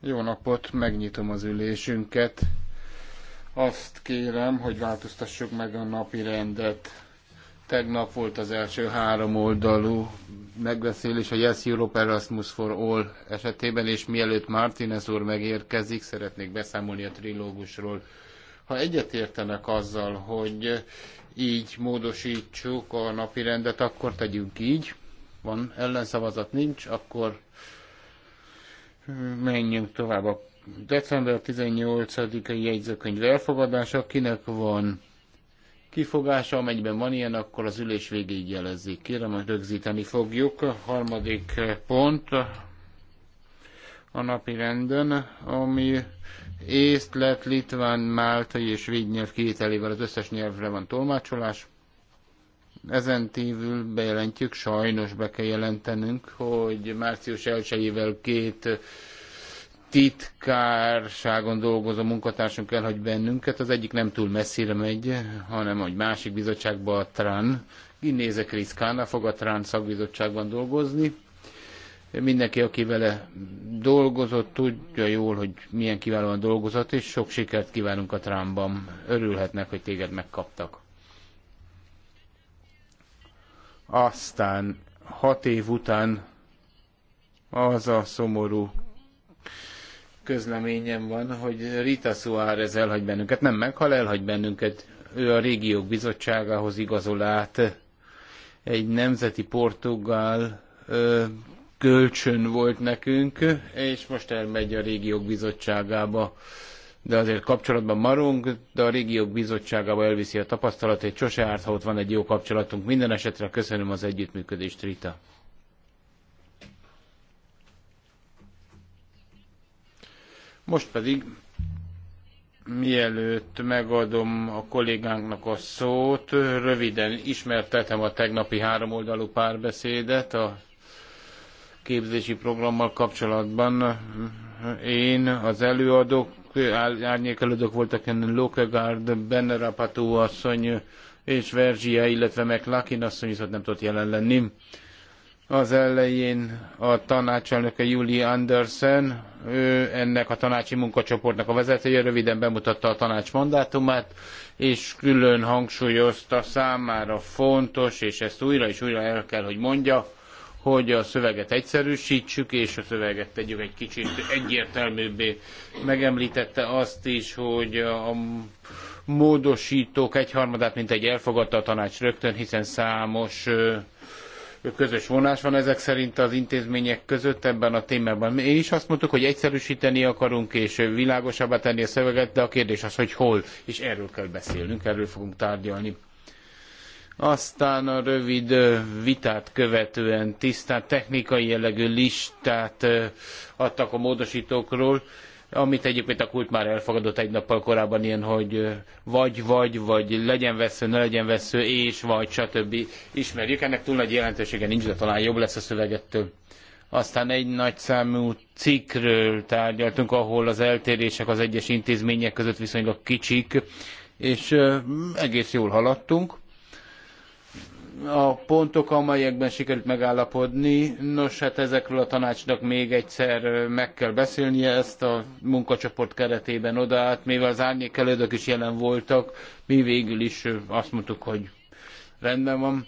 Jó napot, megnyitom az ülésünket. Azt kérem, hogy változtassuk meg a napi rendet. Tegnap volt az első három oldalú megbeszélés a Yes Europe Erasmus for All esetében, és mielőtt Martinez úr megérkezik, szeretnék beszámolni a trilógusról. Ha egyetértenek azzal, hogy így módosítsuk a napi rendet, akkor tegyünk így van, ellenszavazat nincs, akkor menjünk tovább a december 18-ai jegyzőkönyv elfogadása, kinek van kifogása, amelyben van ilyen, akkor az ülés végéig jelezzék. Kérem, hogy rögzíteni fogjuk. A harmadik pont a napi renden, ami észt, lett, litván, máltai és védnyelv kivételével az összes nyelvre van tolmácsolás. Ezen tívül bejelentjük, sajnos be kell jelentenünk, hogy március 1 két titkárságon dolgozó munkatársunk elhagy bennünket. Az egyik nem túl messzire megy, hanem egy másik bizottságban a TRAN. Innéze Krisz Kána fog a TRAN szakbizottságban dolgozni. Mindenki, aki vele dolgozott, tudja jól, hogy milyen kiválóan dolgozott, és sok sikert kívánunk a Tránban. Örülhetnek, hogy téged megkaptak. Aztán hat év után az a szomorú közleményem van, hogy Rita Suárez elhagy bennünket. Nem meghal, elhagy bennünket. Ő a régiók bizottságához igazol át. Egy nemzeti portugál ö, kölcsön volt nekünk, és most elmegy a régiók bizottságába de azért kapcsolatban marunk, de a régiók bizottságába elviszi a tapasztalatét, sose árt, ha ott van egy jó kapcsolatunk. Minden esetre köszönöm az együttműködést, Rita. Most pedig, mielőtt megadom a kollégánknak a szót, röviden ismertetem a tegnapi háromoldalú párbeszédet a képzési programmal kapcsolatban. Én, az előadók, árnyékelődök voltak ennél Lokegard, Benne Rapató asszony és Verzsia, illetve McLakin asszony viszont nem tudott jelen lenni. Az elején a tanácselnöke Julie Andersen, ő ennek a tanácsi munkacsoportnak a vezetője, röviden bemutatta a tanács mandátumát, és külön hangsúlyozta számára fontos, és ezt újra és újra el kell, hogy mondja, hogy a szöveget egyszerűsítsük, és a szöveget tegyük egy kicsit egyértelműbbé. Megemlítette azt is, hogy a módosítók egyharmadát, mint egy elfogadta a tanács rögtön, hiszen számos közös vonás van ezek szerint az intézmények között ebben a témában. Mi is azt mondtuk, hogy egyszerűsíteni akarunk és világosabbá tenni a szöveget, de a kérdés az, hogy hol, és erről kell beszélnünk, erről fogunk tárgyalni. Aztán a rövid vitát követően tisztán technikai jellegű listát adtak a módosítókról, amit egyébként a kult már elfogadott egy nappal korábban ilyen, hogy vagy, vagy, vagy legyen vesző, ne legyen vesző, és vagy, stb. Ismerjük, ennek túl nagy jelentősége nincs, de talán jobb lesz a szövegettől. Aztán egy nagyszámú cikkről tárgyaltunk, ahol az eltérések az egyes intézmények között viszonylag kicsik, és egész jól haladtunk a pontok, amelyekben sikerült megállapodni. Nos, hát ezekről a tanácsnak még egyszer meg kell beszélnie ezt a munkacsoport keretében oda, mivel az árnyék is jelen voltak, mi végül is azt mondtuk, hogy rendben van.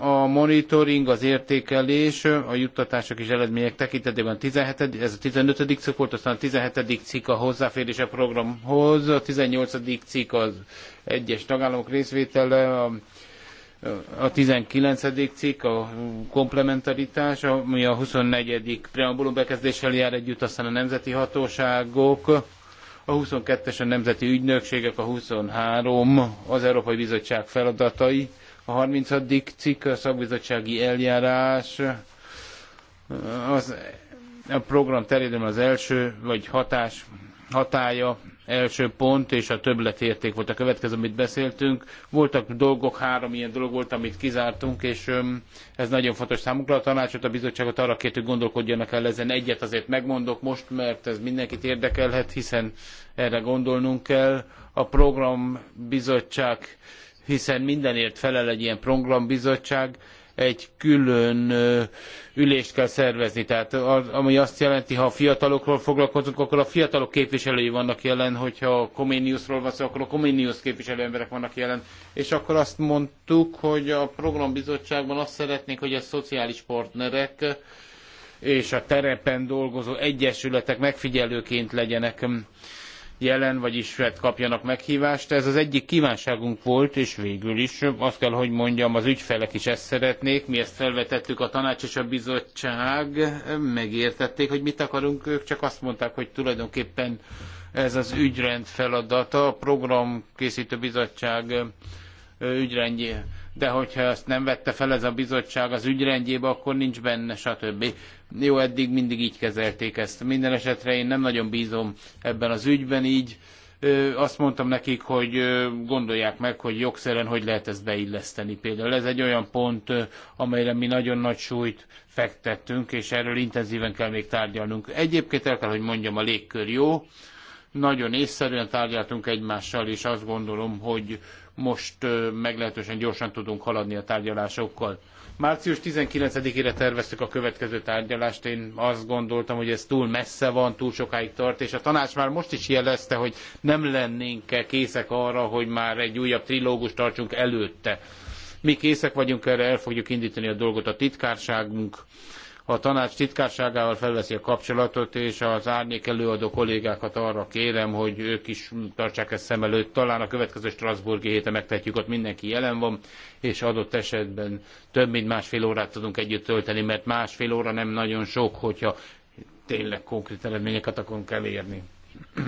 A monitoring, az értékelés, a juttatások és eredmények tekintetében 17. ez a 15. cikk volt, aztán a 17. cikk a hozzáférés a programhoz, a 18. cikk az egyes tagállamok részvétele, a a 19. cikk, a komplementaritás, ami a 24. preambulum bekezdéssel jár együtt, aztán a nemzeti hatóságok, a 22-es a nemzeti ügynökségek, a 23 az Európai Bizottság feladatai, a 30. cikk a szakbizottsági eljárás, az, a program terjedelme az első, vagy hatás, hatája, első pont, és a többletérték volt a következő, amit beszéltünk. Voltak dolgok, három ilyen dolog volt, amit kizártunk, és ez nagyon fontos számukra A tanácsot, a bizottságot arra hogy gondolkodjanak el ezen. Egyet azért megmondok most, mert ez mindenkit érdekelhet, hiszen erre gondolnunk kell. A programbizottság, hiszen mindenért felel egy ilyen programbizottság, egy külön ülést kell szervezni. Tehát ami azt jelenti, ha a fiatalokról foglalkozunk, akkor a fiatalok képviselői vannak jelen, hogyha a Comeniusról van szó, akkor a Comenius képviselő emberek vannak jelen. És akkor azt mondtuk, hogy a programbizottságban azt szeretnénk, hogy a szociális partnerek és a terepen dolgozó egyesületek megfigyelőként legyenek jelen, vagyis hát kapjanak meghívást. Ez az egyik kívánságunk volt, és végül is azt kell, hogy mondjam, az ügyfelek is ezt szeretnék. Mi ezt felvetettük a tanács és a bizottság, megértették, hogy mit akarunk, ők csak azt mondták, hogy tulajdonképpen ez az ügyrend feladata, a programkészítő bizottság ügyrendje de hogyha ezt nem vette fel ez a bizottság az ügyrendjébe, akkor nincs benne, stb. Jó, eddig mindig így kezelték ezt. Minden esetre én nem nagyon bízom ebben az ügyben így. Azt mondtam nekik, hogy gondolják meg, hogy jogszeren hogy lehet ezt beilleszteni. Például ez egy olyan pont, amelyre mi nagyon nagy súlyt fektettünk, és erről intenzíven kell még tárgyalnunk. Egyébként el kell, hogy mondjam, a légkör jó, nagyon észszerűen tárgyaltunk egymással, és azt gondolom, hogy most meglehetősen gyorsan tudunk haladni a tárgyalásokkal. Március 19-ére terveztük a következő tárgyalást. Én azt gondoltam, hogy ez túl messze van, túl sokáig tart, és a tanács már most is jelezte, hogy nem lennénk -e készek arra, hogy már egy újabb trilógus tartsunk előtte. Mi készek vagyunk erre, el fogjuk indítani a dolgot a titkárságunk a tanács titkárságával felveszi a kapcsolatot, és az árnyék előadó kollégákat arra kérem, hogy ők is tartsák ezt szem előtt. Talán a következő Strasburgi héten megtehetjük, ott mindenki jelen van, és adott esetben több mint másfél órát tudunk együtt tölteni, mert másfél óra nem nagyon sok, hogyha tényleg konkrét eredményeket akarunk elérni.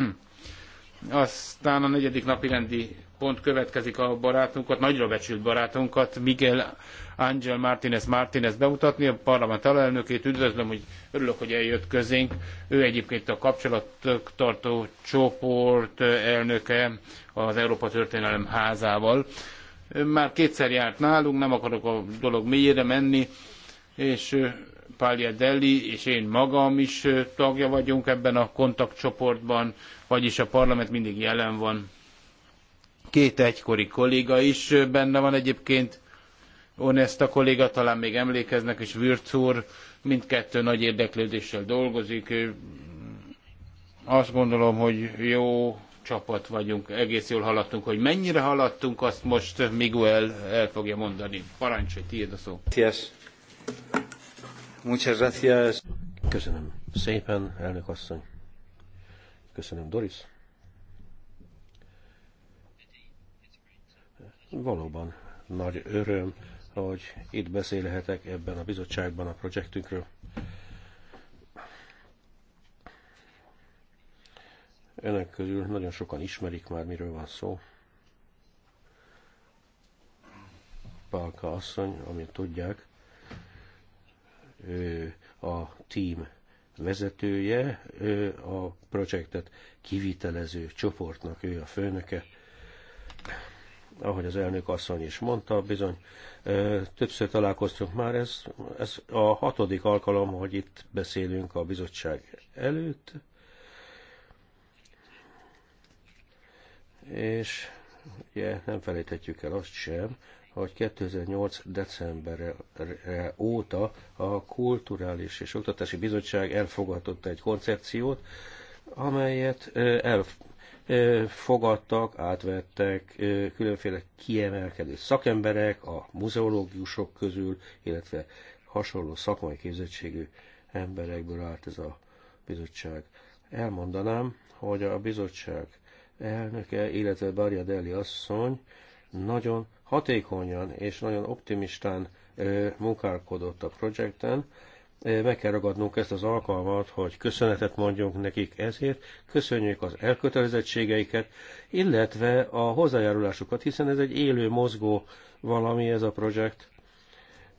Aztán a negyedik napirendi pont következik a barátunkat, nagyra becsült barátunkat, Miguel Angel, Martínez Martínez bemutatni, a parlament alelnökét. Üdvözlöm, hogy örülök, hogy eljött közénk. Ő egyébként a kapcsolattartó csoport elnöke az Európa Történelem házával. már kétszer járt nálunk, nem akarok a dolog mélyére menni, és Pálya Deli és én magam is tagja vagyunk ebben a kontaktcsoportban, vagyis a parlament mindig jelen van két egykori kolléga is benne van egyébként. Onesta kolléga talán még emlékeznek, és Würc úr mindkettő nagy érdeklődéssel dolgozik. Azt gondolom, hogy jó csapat vagyunk, egész jól haladtunk. Hogy mennyire haladtunk, azt most Miguel el fogja mondani. Parancsolj, tiéd a szó. Muchas gracias. Köszönöm szépen, elnök asszony. Köszönöm, Doris. Valóban nagy öröm, hogy itt beszélhetek ebben a bizottságban a projektünkről. Önök közül nagyon sokan ismerik már, miről van szó. Pálka asszony, amit tudják, ő a team vezetője, ő a projektet kivitelező csoportnak, ő a főnöke ahogy az elnök asszony is mondta, bizony többször találkoztunk már, ez, ez a hatodik alkalom, hogy itt beszélünk a bizottság előtt, és ugye nem felejthetjük el azt sem, hogy 2008. decemberre óta a Kulturális és Oktatási Bizottság elfogadott egy koncepciót, amelyet el, fogadtak, átvettek különféle kiemelkedő szakemberek a muzeológusok közül, illetve hasonló szakmai képzettségű emberekből állt ez a bizottság. Elmondanám, hogy a bizottság elnöke, illetve Barja Deli asszony nagyon hatékonyan és nagyon optimistán munkálkodott a projekten, Eh, meg kell ragadnunk ezt az alkalmat, hogy köszönetet mondjunk nekik ezért, köszönjük az elkötelezettségeiket, illetve a hozzájárulásukat, hiszen ez egy élő, mozgó valami ez a projekt,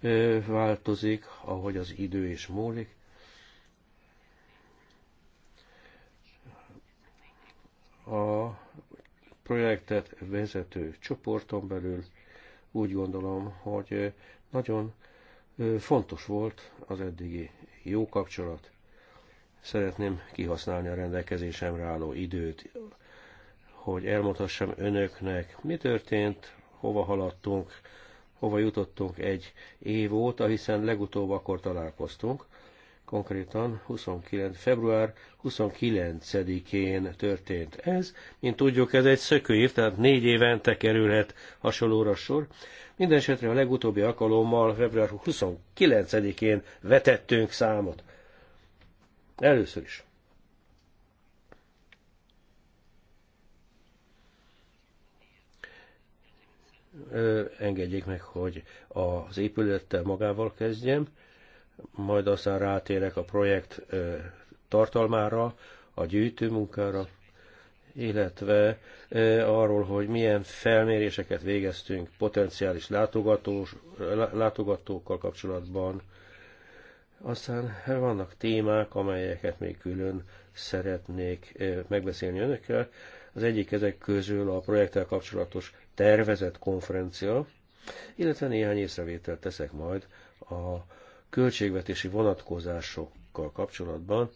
eh, változik, ahogy az idő is múlik. A projektet vezető csoporton belül úgy gondolom, hogy eh, nagyon Fontos volt az eddigi jó kapcsolat. Szeretném kihasználni a rendelkezésemre álló időt, hogy elmondhassam önöknek, mi történt, hova haladtunk, hova jutottunk egy év óta, hiszen legutóbb akkor találkoztunk konkrétan 29. február 29-én történt ez. Mint tudjuk, ez egy szökőév, tehát négy évente kerülhet hasonlóra sor. Mindenesetre a legutóbbi alkalommal február 29-én vetettünk számot. Először is. Ö, engedjék meg, hogy az épülettel magával kezdjem majd aztán rátérek a projekt tartalmára, a gyűjtőmunkára, illetve arról, hogy milyen felméréseket végeztünk potenciális látogatós, látogatókkal kapcsolatban. Aztán vannak témák, amelyeket még külön szeretnék megbeszélni önökkel. Az egyik ezek közül a projekttel kapcsolatos tervezett konferencia, illetve néhány észrevételt teszek majd a költségvetési vonatkozásokkal kapcsolatban,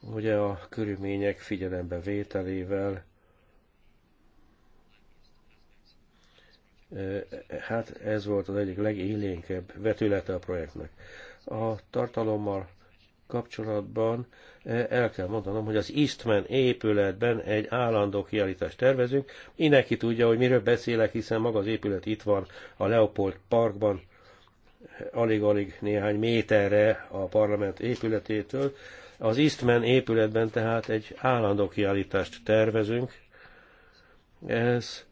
ugye a körülmények figyelembe vételével hát ez volt az egyik legélénkebb vetülete a projektnek. A tartalommal kapcsolatban el kell mondanom, hogy az Eastman épületben egy állandó kiállítást tervezünk. Mindenki tudja, hogy miről beszélek, hiszen maga az épület itt van a Leopold Parkban alig-alig néhány méterre a parlament épületétől. Az Eastman épületben tehát egy állandó kiállítást tervezünk. Ez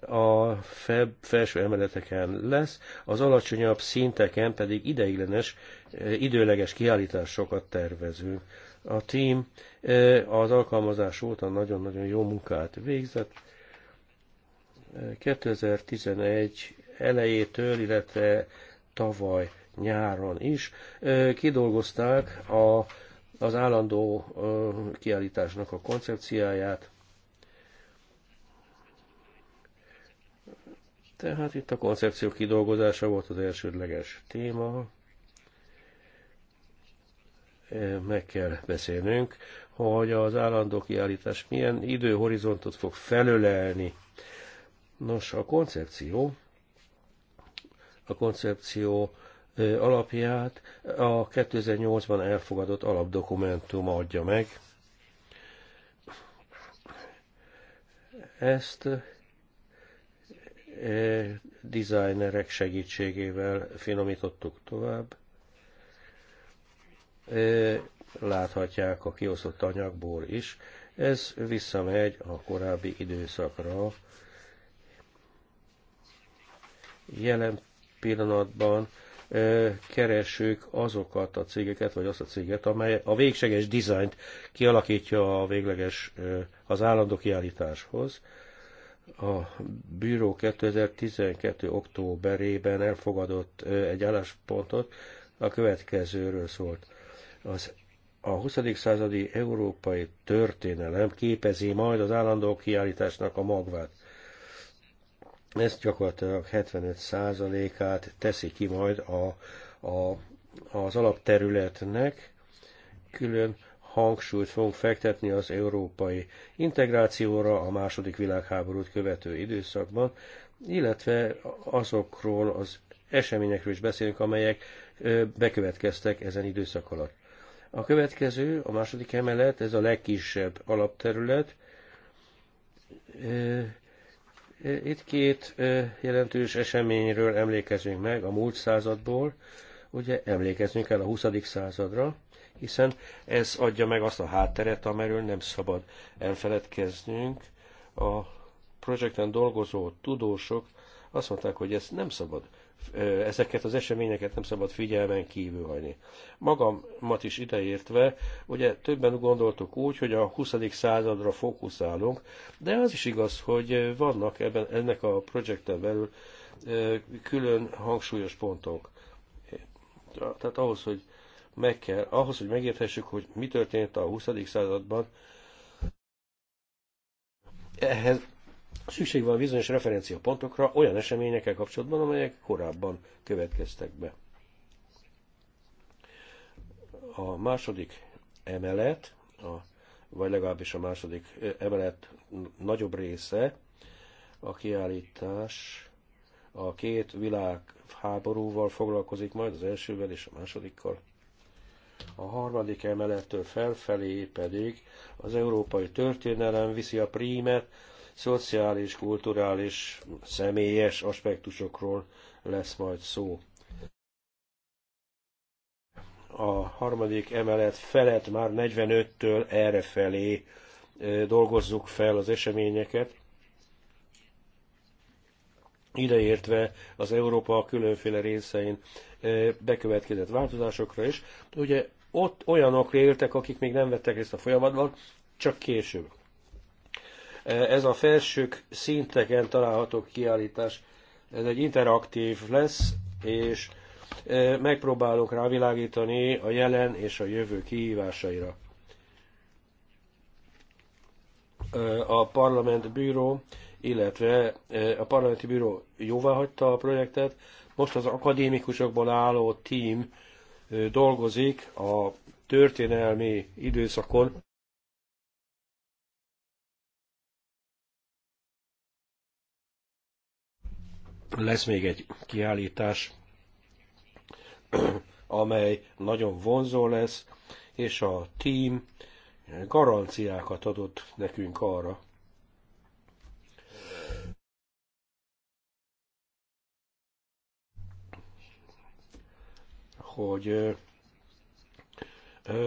a feb, felső emeleteken lesz, az alacsonyabb szinteken pedig ideiglenes, eh, időleges kiállításokat tervezünk. A team eh, az alkalmazás óta nagyon-nagyon jó munkát végzett. Eh, 2011 elejétől, illetve tavaly nyáron is kidolgozták a, az állandó kiállításnak a koncepciáját. Tehát itt a koncepció kidolgozása volt az elsődleges téma. Meg kell beszélnünk, hogy az állandó kiállítás milyen időhorizontot fog felölelni. Nos, a koncepció a koncepció alapját a 2008-ban elfogadott alapdokumentum adja meg. Ezt designerek segítségével finomítottuk tovább. Láthatják a kiosztott anyagból is. Ez visszamegy a korábbi időszakra. Jelen pillanatban keresők azokat a cégeket, vagy azt a céget, amely a végseges dizájnt kialakítja a végleges, az állandó kiállításhoz. A bűró 2012. októberében elfogadott egy álláspontot, a következőről szólt. Az a 20. századi európai történelem képezi majd az állandó kiállításnak a magvát. Ez gyakorlatilag 75%-át teszi ki majd a, a, az alapterületnek. Külön hangsúlyt fogunk fektetni az európai integrációra a második világháborút követő időszakban, illetve azokról az eseményekről is beszélünk, amelyek bekövetkeztek ezen időszak alatt. A következő, a második emelet, ez a legkisebb alapterület, itt két jelentős eseményről emlékezünk meg a múlt századból, ugye emlékezünk kell a 20. századra, hiszen ez adja meg azt a hátteret, amelyről nem szabad elfeledkeznünk. A projekten dolgozó tudósok azt mondták, hogy ezt nem szabad ezeket az eseményeket nem szabad figyelmen kívül hagyni. Magamat is ideértve, ugye többen gondoltuk úgy, hogy a 20. századra fókuszálunk, de az is igaz, hogy vannak ebben, ennek a projekten belül külön hangsúlyos pontok. Tehát ahhoz, hogy meg kell, ahhoz, hogy megérthessük, hogy mi történt a 20. században, ehhez Szükség van bizonyos referenciapontokra olyan eseményekkel kapcsolatban, amelyek korábban következtek be. A második emelet, a, vagy legalábbis a második emelet nagyobb része, a kiállítás a két világháborúval foglalkozik majd, az elsővel és a másodikkal. A harmadik emelettől felfelé pedig az európai történelem viszi a prímet, szociális, kulturális, személyes aspektusokról lesz majd szó. A harmadik emelet felett már 45-től felé dolgozzuk fel az eseményeket, ideértve az Európa különféle részein bekövetkezett változásokra is. Ugye ott olyanok éltek, akik még nem vettek részt a folyamatban, csak később. Ez a felsők szinteken található kiállítás, ez egy interaktív lesz, és e, megpróbálunk rávilágítani a jelen és a jövő kihívásaira. E, a parlament bíró, illetve e, a parlamenti jóvá jóváhagyta a projektet, most az akadémikusokból álló tím dolgozik a történelmi időszakon, lesz még egy kiállítás, amely nagyon vonzó lesz, és a team garanciákat adott nekünk arra, hogy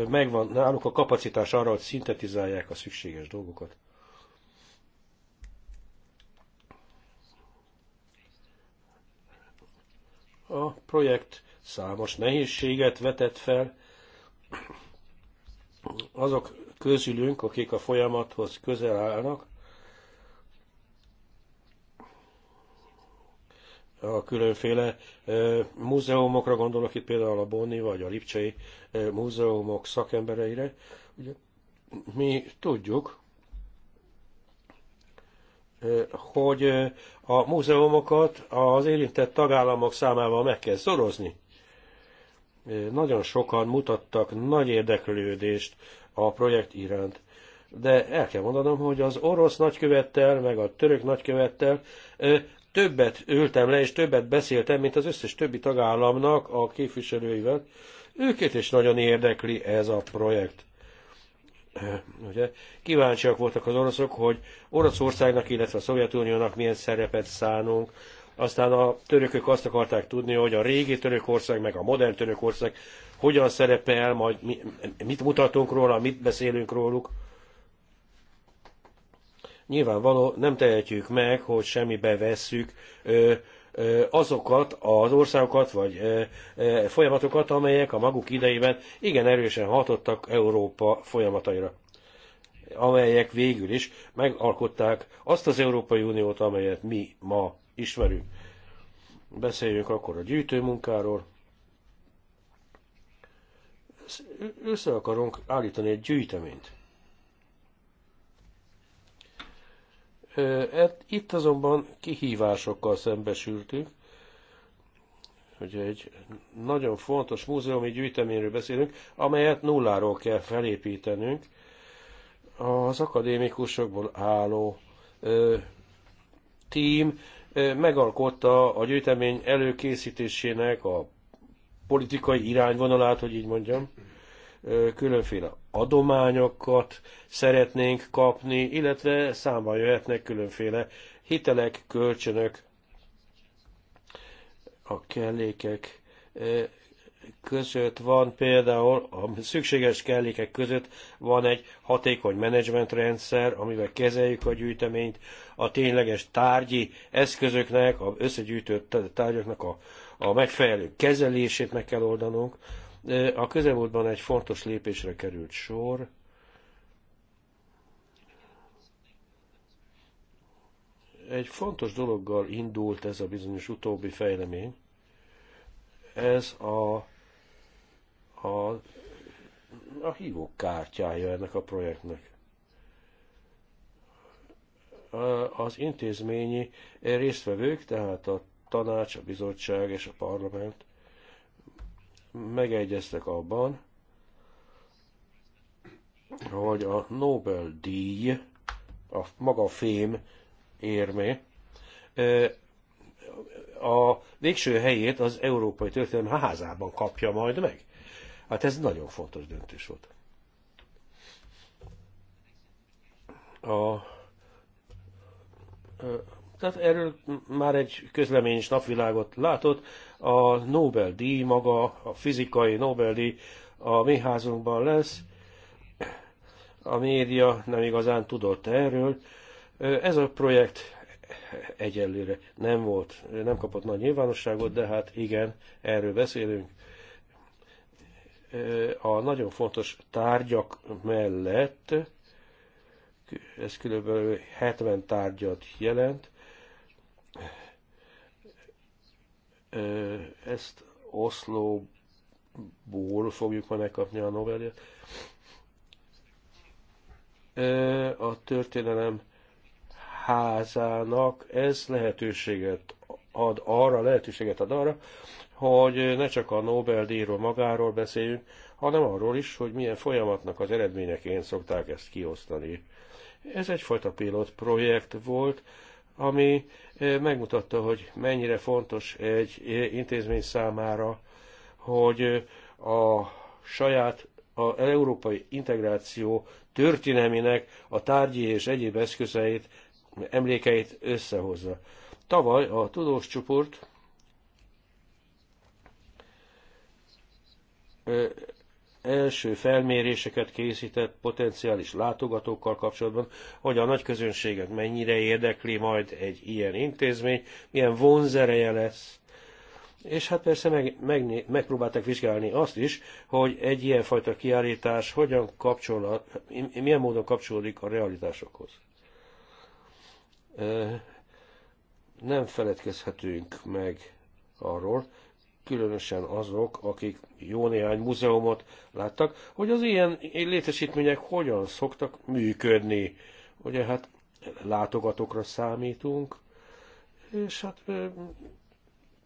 megvan náluk a kapacitás arra, hogy szintetizálják a szükséges dolgokat. A projekt számos nehézséget vetett fel. Azok közülünk, akik a folyamathoz közel állnak, a különféle múzeumokra gondolok itt például a Bonni vagy a Lipcsei múzeumok szakembereire. Ugye, mi tudjuk, hogy a múzeumokat az érintett tagállamok számával meg kell szorozni. Nagyon sokan mutattak nagy érdeklődést a projekt iránt. De el kell mondanom, hogy az orosz nagykövettel, meg a török nagykövettel többet ültem le, és többet beszéltem, mint az összes többi tagállamnak a képviselőivel. Őket is nagyon érdekli ez a projekt. Ugye? Kíváncsiak voltak az oroszok, hogy Oroszországnak, illetve a Szovjetuniónak milyen szerepet szánunk. Aztán a törökök azt akarták tudni, hogy a régi Törökország, meg a modern Törökország hogyan szerepel, majd mi, mit mutatunk róla, mit beszélünk róluk. Nyilvánvaló, nem tehetjük meg, hogy semmibe vesszük azokat az országokat vagy folyamatokat, amelyek a maguk idejében igen erősen hatottak Európa folyamataira amelyek végül is megalkották azt az Európai Uniót, amelyet mi ma ismerünk. Beszéljünk akkor a gyűjtőmunkáról. Össze akarunk állítani egy gyűjteményt. Itt azonban kihívásokkal szembesültünk, hogy egy nagyon fontos múzeumi gyűjteményről beszélünk, amelyet nulláról kell felépítenünk. Az akadémikusokból álló tím megalkotta a gyűjtemény előkészítésének a politikai irányvonalát, hogy így mondjam különféle adományokat szeretnénk kapni, illetve számba jöhetnek különféle hitelek, kölcsönök, a kellékek között van például, a szükséges kellékek között van egy hatékony menedzsmentrendszer, amivel kezeljük a gyűjteményt, a tényleges tárgyi eszközöknek, az összegyűjtött tárgyaknak a, a megfelelő kezelését meg kell oldanunk, a közelmúltban egy fontos lépésre került sor, egy fontos dologgal indult ez a bizonyos utóbbi fejlemény. Ez a, a, a hívók kártyája ennek a projektnek. Az intézményi résztvevők, tehát a tanács, a bizottság és a parlament megegyeztek abban, hogy a Nobel-díj, a maga fém érmé, a végső helyét az Európai Történelmi házában kapja majd meg. Hát ez nagyon fontos döntés volt. A, tehát erről már egy közlemény is napvilágot látott, a Nobel-díj maga, a fizikai Nobel-díj a mi házunkban lesz. A média nem igazán tudott erről. Ez a projekt egyelőre nem volt, nem kapott nagy nyilvánosságot, de hát igen, erről beszélünk. A nagyon fontos tárgyak mellett, ez kb. 70 tárgyat jelent, ezt Oszlóból fogjuk majd megkapni a novellját. A történelem házának ez lehetőséget ad arra, lehetőséget ad arra, hogy ne csak a Nobel-díjról magáról beszéljünk, hanem arról is, hogy milyen folyamatnak az eredményeként szokták ezt kiosztani. Ez egyfajta pilot projekt volt, ami eh, megmutatta, hogy mennyire fontos egy eh, intézmény számára, hogy eh, a saját az európai integráció történelmének a tárgyi és egyéb eszközeit, emlékeit összehozza. Tavaly a tudós csoport első felméréseket készített potenciális látogatókkal kapcsolatban, hogy a nagy közönséget mennyire érdekli majd egy ilyen intézmény, milyen vonzereje lesz. És hát persze meg, meg, megpróbálták vizsgálni azt is, hogy egy ilyenfajta kiállítás hogyan kapcsol, milyen módon kapcsolódik a realitásokhoz. Nem feledkezhetünk meg arról, különösen azok, akik jó néhány múzeumot láttak, hogy az ilyen létesítmények hogyan szoktak működni. Ugye hát látogatókra számítunk, és hát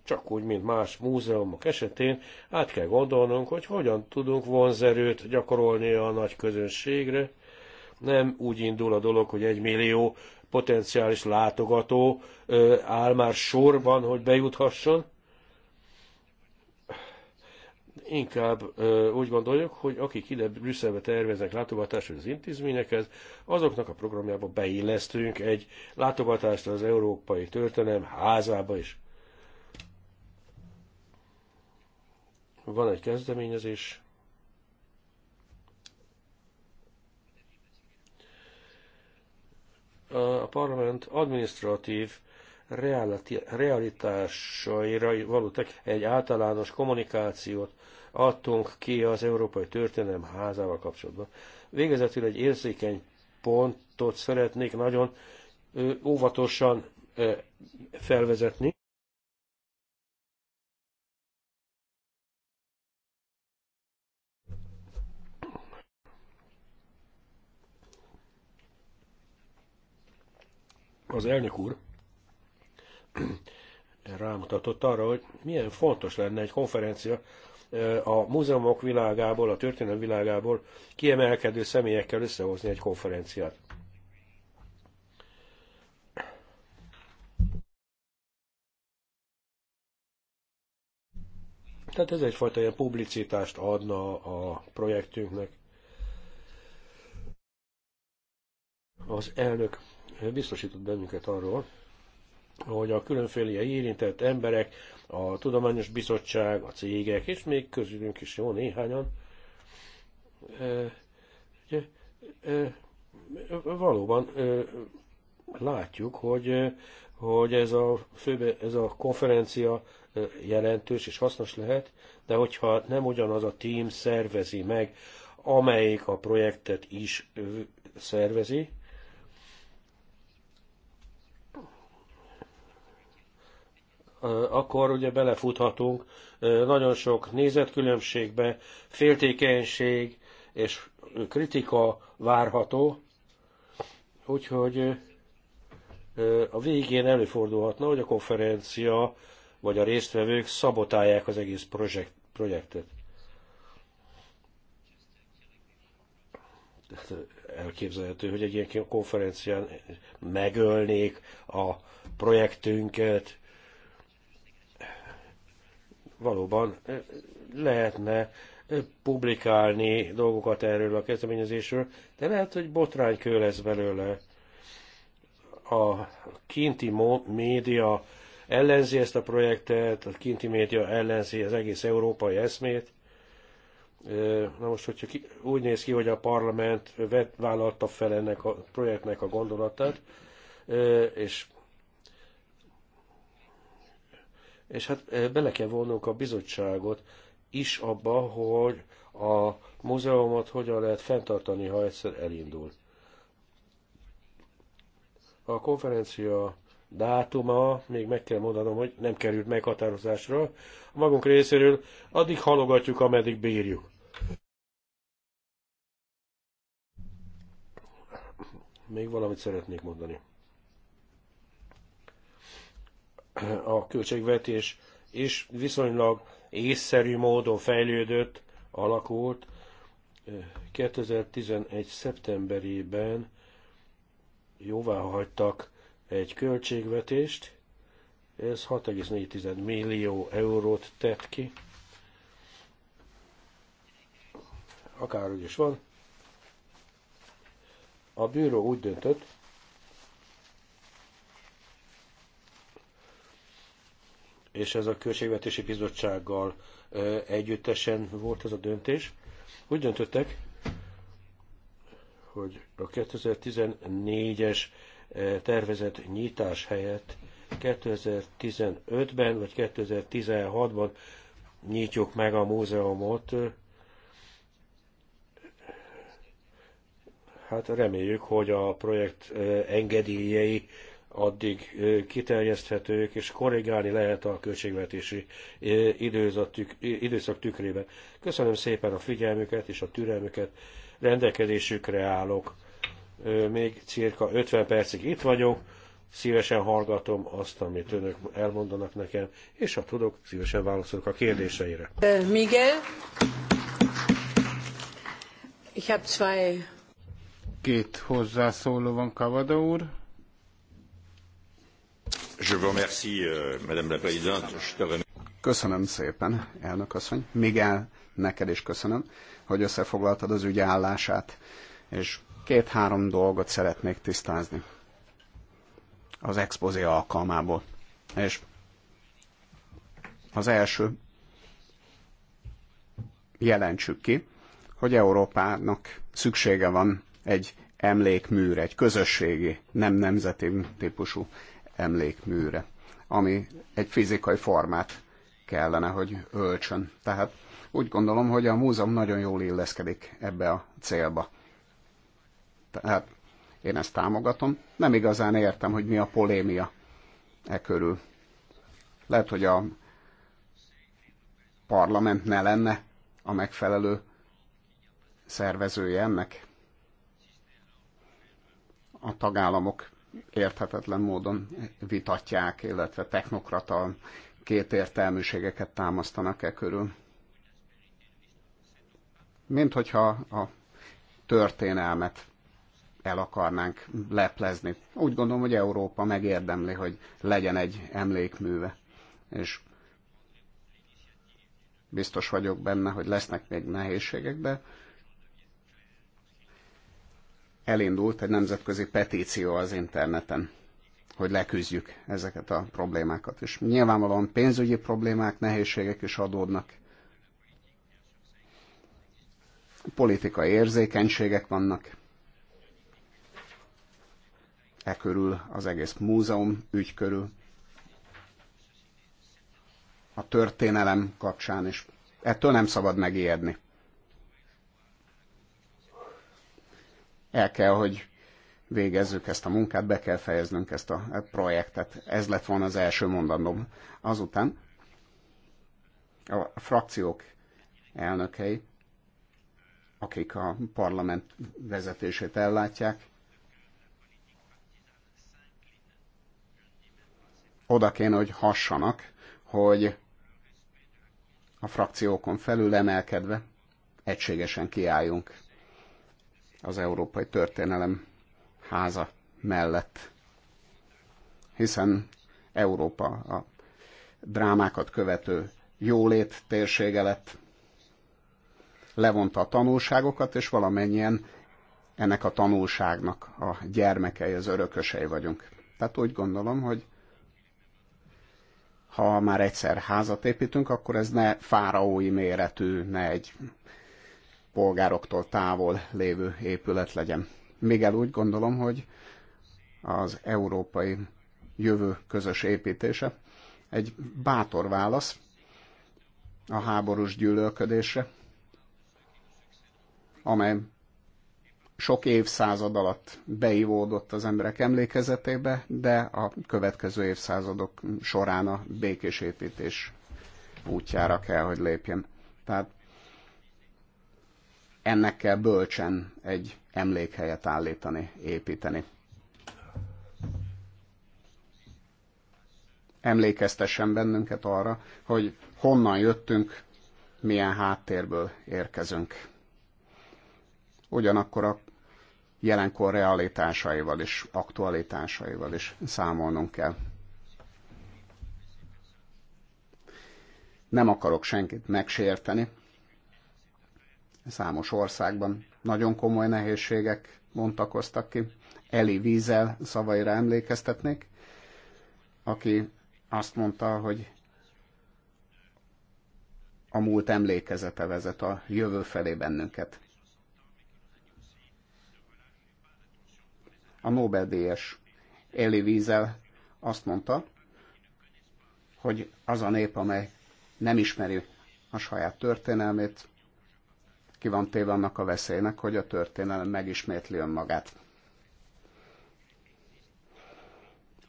csak úgy, mint más múzeumok esetén, át kell gondolnunk, hogy hogyan tudunk vonzerőt gyakorolni a nagy közönségre. Nem úgy indul a dolog, hogy egy millió potenciális látogató áll már sorban, hogy bejuthasson, inkább ö, úgy gondoljuk, hogy akik ide Brüsszelbe terveznek látogatást az intézményekhez, azoknak a programjába beillesztünk egy látogatást az Európai Történelem házába is. Van egy kezdeményezés. A parlament administratív realitásaira való egy általános kommunikációt adtunk ki az Európai Történelem házával kapcsolatban. Végezetül egy érzékeny pontot szeretnék nagyon óvatosan felvezetni. Az elnök úr rámutatott arra, hogy milyen fontos lenne egy konferencia a múzeumok világából, a történelem világából kiemelkedő személyekkel összehozni egy konferenciát. Tehát ez egyfajta ilyen publicitást adna a projektünknek. Az elnök biztosított bennünket arról, hogy a különféle érintett emberek, a tudományos bizottság, a cégek, és még közülünk is jó néhányan, e, valóban látjuk, hogy, hogy ez, a főbe, ez a konferencia jelentős és hasznos lehet, de hogyha nem ugyanaz a team szervezi meg, amelyik a projektet is szervezi, akkor ugye belefuthatunk nagyon sok nézetkülönbségbe, féltékenység és kritika várható, úgyhogy a végén előfordulhatna, hogy a konferencia vagy a résztvevők szabotálják az egész projekt, projektet. elképzelhető, hogy egy ilyen konferencián megölnék a projektünket, valóban eh, lehetne eh, publikálni dolgokat erről a kezdeményezésről, de lehet, hogy botránykő lesz belőle. A kinti média ellenzi ezt a projektet, a kinti média ellenzi az egész európai eszmét. Eh, na most, hogyha ki, úgy néz ki, hogy a parlament vett, vállalta fel ennek a projektnek a gondolatát, és és hát bele kell vonnunk a bizottságot is abba, hogy a múzeumot hogyan lehet fenntartani, ha egyszer elindul. A konferencia dátuma, még meg kell mondanom, hogy nem került meghatározásra. A magunk részéről addig halogatjuk, ameddig bírjuk. Még valamit szeretnék mondani a költségvetés is viszonylag észszerű módon fejlődött, alakult. 2011. szeptemberében jóvá hagytak egy költségvetést, ez 6,4 millió eurót tett ki. Akárhogy is van. A bűró úgy döntött, és ez a Költségvetési Bizottsággal együttesen volt ez a döntés. Úgy döntöttek, hogy a 2014-es tervezett nyitás helyett 2015-ben vagy 2016-ban nyitjuk meg a múzeumot. Hát reméljük, hogy a projekt engedélyei addig kiterjeszthetők, és korrigálni lehet a költségvetési időszak tükrében. Köszönöm szépen a figyelmüket és a türelmüket, rendelkezésükre állok. Még cirka 50 percig itt vagyok, szívesen hallgatom azt, amit önök elmondanak nekem, és ha tudok, szívesen válaszolok a kérdéseire. Miguel, ich habe zwei... Két hozzászóló van, Kavada úr. Euh, köszönöm szépen, elnök asszony. Miguel, neked is köszönöm, hogy összefoglaltad az ügy állását, és két-három dolgot szeretnék tisztázni az expozé alkalmából. És az első, jelentsük ki, hogy Európának szüksége van egy emlékműre, egy közösségi, nem nemzeti típusú emlékműre, ami egy fizikai formát kellene, hogy öltsön. Tehát úgy gondolom, hogy a múzeum nagyon jól illeszkedik ebbe a célba. Tehát én ezt támogatom. Nem igazán értem, hogy mi a polémia e körül. Lehet, hogy a parlament ne lenne a megfelelő szervezője ennek. A tagállamok érthetetlen módon vitatják, illetve technokrata kétértelműségeket támasztanak e körül. Mint hogyha a történelmet el akarnánk leplezni. Úgy gondolom, hogy Európa megérdemli, hogy legyen egy emlékműve. És biztos vagyok benne, hogy lesznek még nehézségek, de elindult egy nemzetközi petíció az interneten, hogy leküzdjük ezeket a problémákat. És nyilvánvalóan pénzügyi problémák, nehézségek is adódnak. Politikai érzékenységek vannak. E körül az egész múzeum ügy körül. A történelem kapcsán is. Ettől nem szabad megijedni el kell, hogy végezzük ezt a munkát, be kell fejeznünk ezt a projektet. Ez lett volna az első mondanom. Azután a frakciók elnökei, akik a parlament vezetését ellátják, oda kéne, hogy hassanak, hogy a frakciókon felül emelkedve egységesen kiálljunk az Európai Történelem háza mellett, hiszen Európa a drámákat követő jólét térsége lett, levonta a tanulságokat, és valamennyien ennek a tanulságnak a gyermekei, az örökösei vagyunk. Tehát úgy gondolom, hogy ha már egyszer házat építünk, akkor ez ne fáraói méretű, ne egy polgároktól távol lévő épület legyen. Még el úgy gondolom, hogy az európai jövő közös építése egy bátor válasz a háborús gyűlölködésre, amely sok évszázad alatt beivódott az emberek emlékezetébe, de a következő évszázadok során a békés építés útjára kell, hogy lépjen. Tehát ennek kell bölcsen egy emlékhelyet állítani, építeni. Emlékeztessen bennünket arra, hogy honnan jöttünk, milyen háttérből érkezünk. Ugyanakkor a jelenkor realitásaival is, aktualitásaival is számolnunk kell. Nem akarok senkit megsérteni, Számos országban nagyon komoly nehézségek bontakoztak ki. Eli Wiesel szavaira emlékeztetnék, aki azt mondta, hogy a múlt emlékezete vezet a jövő felé bennünket. A Nobel-díjas Eli Wiesel azt mondta, hogy az a nép, amely nem ismeri a saját történelmét, ki van téve annak a veszélynek, hogy a történelem megismétli önmagát.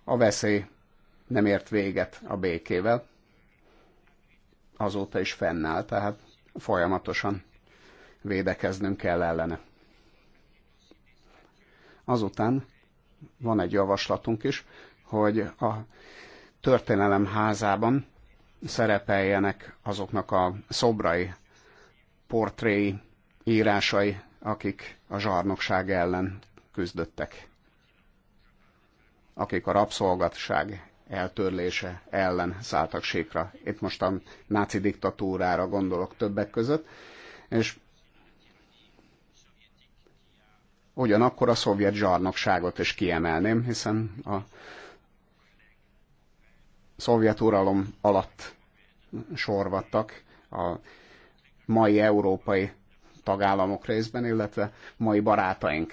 A veszély nem ért véget a békével, azóta is fennáll, tehát folyamatosan védekeznünk kell ellene. Azután van egy javaslatunk is, hogy a történelem házában szerepeljenek azoknak a szobrai, portréi, írásai, akik a zsarnokság ellen küzdöttek, akik a rabszolgatság eltörlése ellen szálltak sékra. Itt most a náci diktatúrára gondolok többek között, és ugyanakkor a szovjet zsarnokságot is kiemelném, hiszen a szovjet uralom alatt sorvattak a mai európai tagállamok részben, illetve mai barátaink.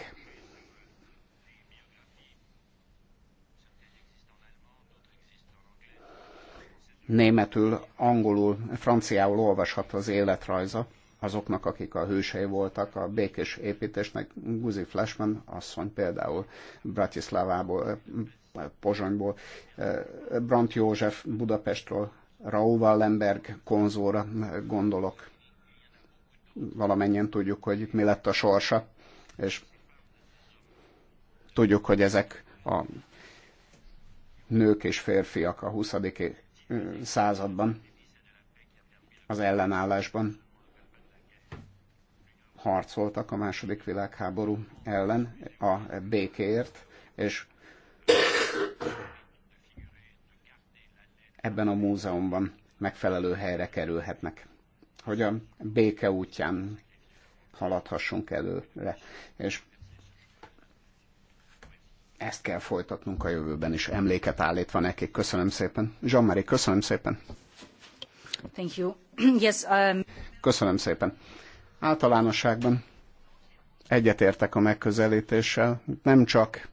Németül, angolul, franciául olvasható az életrajza azoknak, akik a hősei voltak a békés építésnek. Guzi Flashman asszony például Bratislavából, eh, Pozsonyból, eh, Brant József Budapestről, Raúl Wallenberg konzóra eh, gondolok, valamennyien tudjuk, hogy mi lett a sorsa, és tudjuk, hogy ezek a nők és férfiak a 20. században az ellenállásban harcoltak a második világháború ellen a békéért, és ebben a múzeumban megfelelő helyre kerülhetnek hogy a béke útján haladhassunk előre. És ezt kell folytatnunk a jövőben is, emléket állítva nekik. Köszönöm szépen. Jean-Marie, köszönöm szépen. Thank you. Yes, um... Köszönöm szépen. Általánosságban egyetértek a megközelítéssel. Nem csak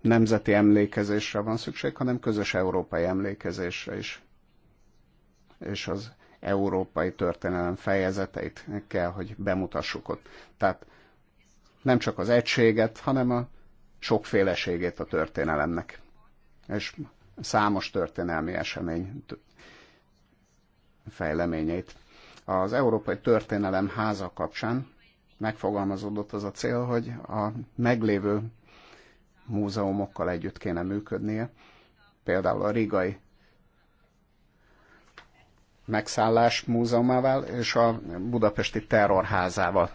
nemzeti emlékezésre van szükség, hanem közös európai emlékezésre is. És az európai történelem fejezeteit kell, hogy bemutassuk ott. Tehát nem csak az egységet, hanem a sokféleségét a történelemnek. És számos történelmi esemény fejleményeit. Az Európai Történelem háza kapcsán megfogalmazódott az a cél, hogy a meglévő múzeumokkal együtt kéne működnie. Például a Rigai megszállás múzeumával és a budapesti terrorházával.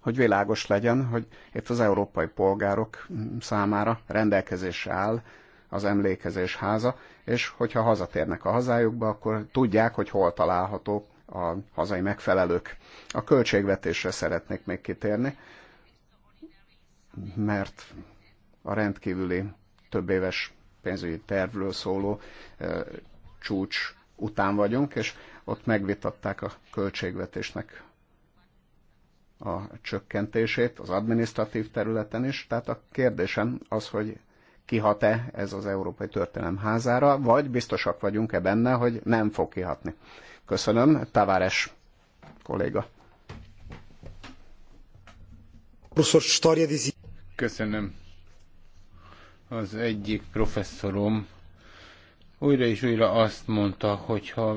Hogy világos legyen, hogy itt az európai polgárok számára rendelkezésre áll az emlékezés háza, és hogyha hazatérnek a hazájukba, akkor tudják, hogy hol találhatók a hazai megfelelők. A költségvetésre szeretnék még kitérni, mert a rendkívüli több éves pénzügyi tervről szóló csúcs után vagyunk, és ott megvitatták a költségvetésnek a csökkentését az administratív területen is. Tehát a kérdésem az, hogy kihat-e ez az Európai Történelem házára, vagy biztosak vagyunk-e benne, hogy nem fog kihatni. Köszönöm, Tavares kolléga. Köszönöm. Az egyik professzorom újra és újra azt mondta, hogy ha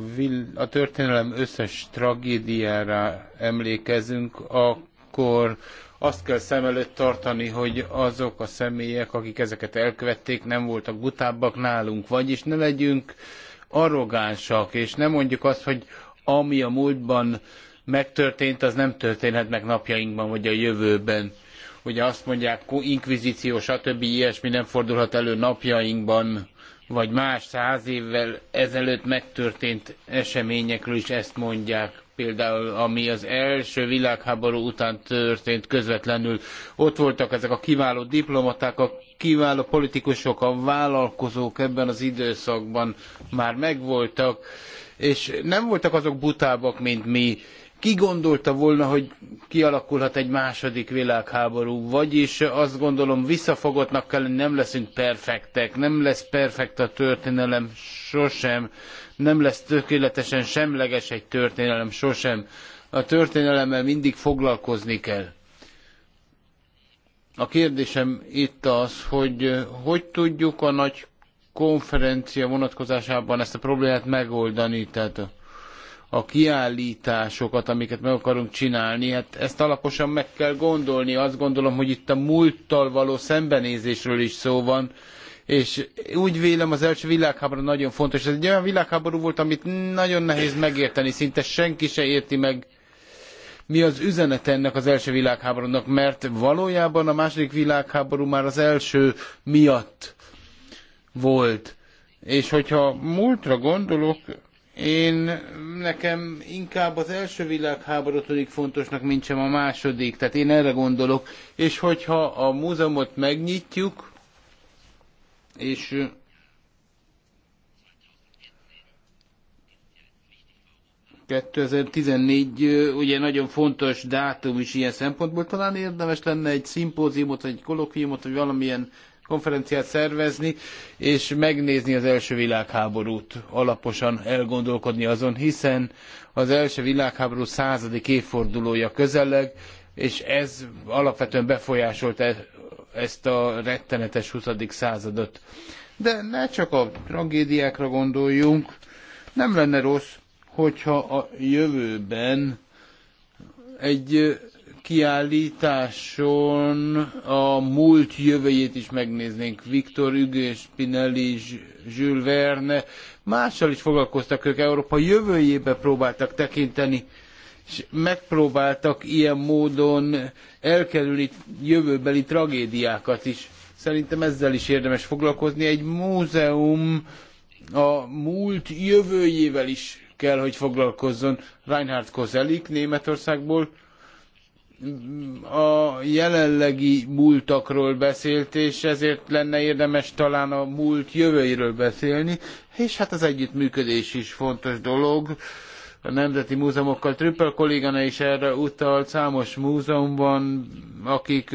a történelem összes tragédiára emlékezünk, akkor azt kell szem előtt tartani, hogy azok a személyek, akik ezeket elkövették, nem voltak butábbak nálunk, vagyis ne legyünk arrogánsak, és nem mondjuk azt, hogy ami a múltban megtörtént, az nem történhet meg napjainkban vagy a jövőben. Ugye azt mondják, inkvizíció, stb. ilyesmi nem fordulhat elő napjainkban, vagy más száz évvel ezelőtt megtörtént eseményekről is ezt mondják. Például, ami az első világháború után történt közvetlenül. Ott voltak ezek a kiváló diplomaták, a kiváló politikusok, a vállalkozók ebben az időszakban már megvoltak, és nem voltak azok butábbak, mint mi ki gondolta volna, hogy kialakulhat egy második világháború? Vagyis azt gondolom, visszafogottnak kell, nem leszünk perfektek, nem lesz perfekt a történelem sosem, nem lesz tökéletesen semleges egy történelem sosem. A történelemmel mindig foglalkozni kell. A kérdésem itt az, hogy hogy tudjuk a nagy konferencia vonatkozásában ezt a problémát megoldani, tehát a a kiállításokat, amiket meg akarunk csinálni, hát ezt alaposan meg kell gondolni. Azt gondolom, hogy itt a múlttal való szembenézésről is szó van, és úgy vélem az első világháború nagyon fontos. Ez egy olyan világháború volt, amit nagyon nehéz megérteni, szinte senki se érti meg, mi az üzenet ennek az első világháborúnak, mert valójában a második világháború már az első miatt volt. És hogyha múltra gondolok, én nekem inkább az első világháború tűnik fontosnak, mint sem a második. Tehát én erre gondolok. És hogyha a múzeumot megnyitjuk, és ...2014 ugye nagyon fontos dátum is ilyen szempontból, talán érdemes lenne egy szimpóziumot, egy kolokviumot, vagy valamilyen konferenciát szervezni, és megnézni az első világháborút, alaposan elgondolkodni azon, hiszen az első világháború századik évfordulója közeleg, és ez alapvetően befolyásolta ezt a rettenetes 20. századot. De ne csak a tragédiákra gondoljunk, nem lenne rossz, hogyha a jövőben egy kiállításon a múlt jövőjét is megnéznénk. Viktor Ügő, Spinelli, Jules Verne, mással is foglalkoztak ők, Európa jövőjébe próbáltak tekinteni, és megpróbáltak ilyen módon elkerülni jövőbeli tragédiákat is. Szerintem ezzel is érdemes foglalkozni. Egy múzeum a múlt jövőjével is kell, hogy foglalkozzon. Reinhard Kozelik Németországból a jelenlegi múltakról beszélt, és ezért lenne érdemes talán a múlt jövőiről beszélni, és hát az együttműködés is fontos dolog. A Nemzeti Múzeumokkal Trüppel kollégana is erre utalt, számos múzeumban, akik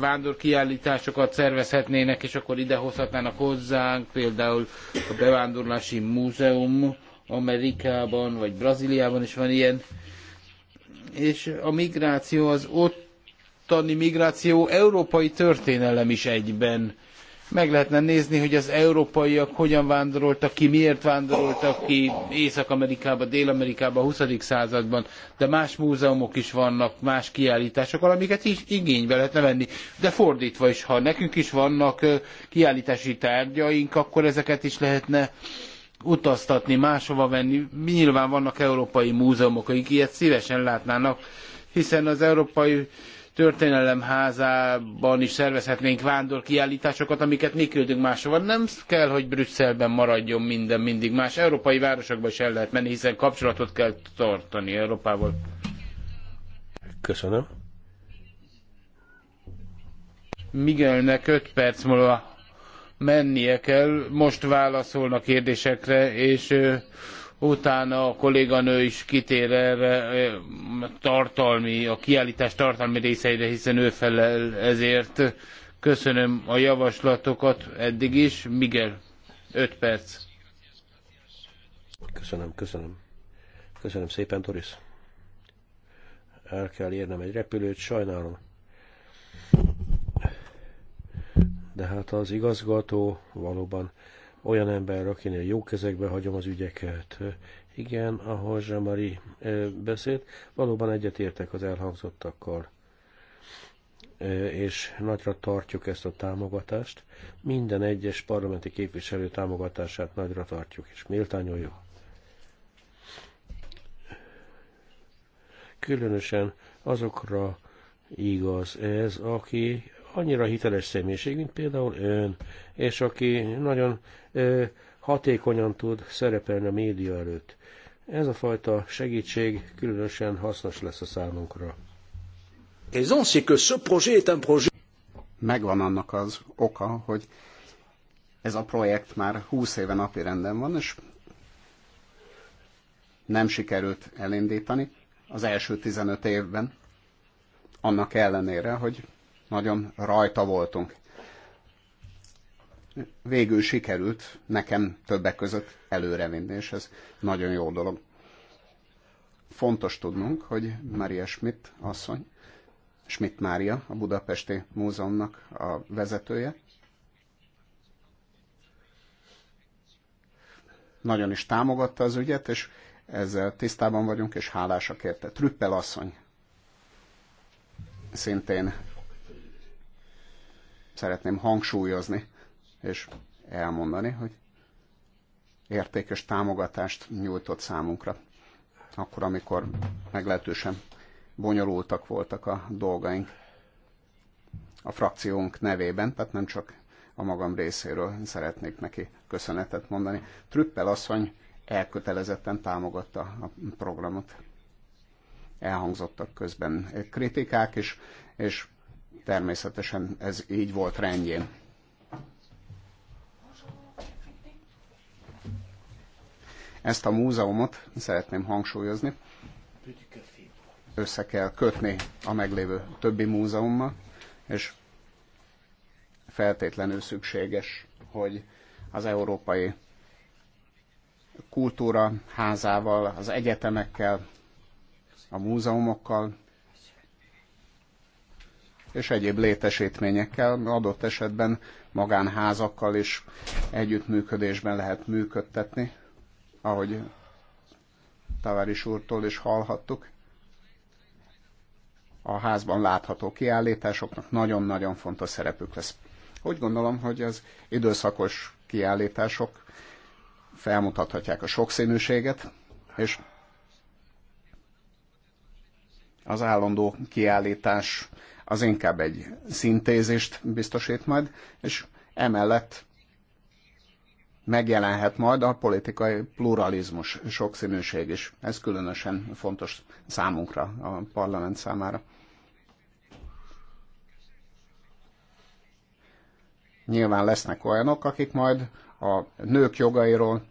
vándorkiállításokat szervezhetnének, és akkor ide hozhatnának hozzánk, például a Bevándorlási Múzeum Amerikában, vagy Brazíliában is van ilyen, és a migráció az ottani migráció európai történelem is egyben. Meg lehetne nézni, hogy az európaiak hogyan vándoroltak ki, miért vándoroltak ki Észak-Amerikába, Dél-Amerikába a 20. században, de más múzeumok is vannak, más kiállítások, amiket is igénybe lehetne venni. De fordítva is, ha nekünk is vannak kiállítási tárgyaink, akkor ezeket is lehetne uh, utaztatni, máshova venni. Nyilván vannak európai múzeumok, akik ilyet szívesen látnának, hiszen az Európai Történelem házában is szervezhetnénk vándorkiállításokat, amiket mi küldünk máshova. Nem kell, hogy Brüsszelben maradjon minden mindig. Más európai városokba is el lehet menni, hiszen kapcsolatot kell tartani Európával. Köszönöm. Miguelnek 5 perc múlva mennie kell, most válaszolna kérdésekre, és utána a kolléganő is kitér erre tartalmi, a kiállítás tartalmi részeire, hiszen ő felel ezért. Köszönöm a javaslatokat eddig is. Miguel, 5 perc. Köszönöm, köszönöm. Köszönöm szépen, Doris. El kell érnem egy repülőt, sajnálom. de hát az igazgató valóban olyan ember, akinél jó kezekbe hagyom az ügyeket. Igen, ahol Zsamari beszélt, valóban egyetértek az elhangzottakkal, és nagyra tartjuk ezt a támogatást. Minden egyes parlamenti képviselő támogatását nagyra tartjuk, és méltányoljuk. Különösen azokra igaz ez, aki annyira hiteles személyiség, mint például ön, és aki nagyon hatékonyan tud szerepelni a média előtt. Ez a fajta segítség különösen hasznos lesz a számunkra. Megvan annak az oka, hogy ez a projekt már 20 éve napi renden van, és nem sikerült elindítani az első 15 évben, annak ellenére, hogy nagyon rajta voltunk. Végül sikerült nekem többek között előrevinni, és ez nagyon jó dolog. Fontos tudnunk, hogy Maria Schmidt asszony, Schmidt Mária, a Budapesti Múzeumnak a vezetője, nagyon is támogatta az ügyet, és ezzel tisztában vagyunk, és hálásak érte. Trüppel asszony szintén szeretném hangsúlyozni és elmondani, hogy értékes támogatást nyújtott számunkra. Akkor, amikor meglehetősen bonyolultak voltak a dolgaink a frakciónk nevében, tehát nem csak a magam részéről szeretnék neki köszönetet mondani. Trüppel asszony elkötelezetten támogatta a programot. Elhangzottak közben kritikák is, és Természetesen ez így volt rendjén. Ezt a múzeumot szeretném hangsúlyozni. Össze kell kötni a meglévő többi múzeummal, és feltétlenül szükséges, hogy az európai kultúra házával, az egyetemekkel, a múzeumokkal és egyéb létesítményekkel, adott esetben magánházakkal is együttműködésben lehet működtetni, ahogy Tavaris úrtól is hallhattuk. A házban látható kiállításoknak nagyon-nagyon fontos szerepük lesz. Úgy gondolom, hogy az időszakos kiállítások felmutathatják a sokszínűséget, és az állandó kiállítás az inkább egy szintézist biztosít majd, és emellett megjelenhet majd a politikai pluralizmus, sokszínűség is. Ez különösen fontos számunkra, a parlament számára. Nyilván lesznek olyanok, akik majd a nők jogairól,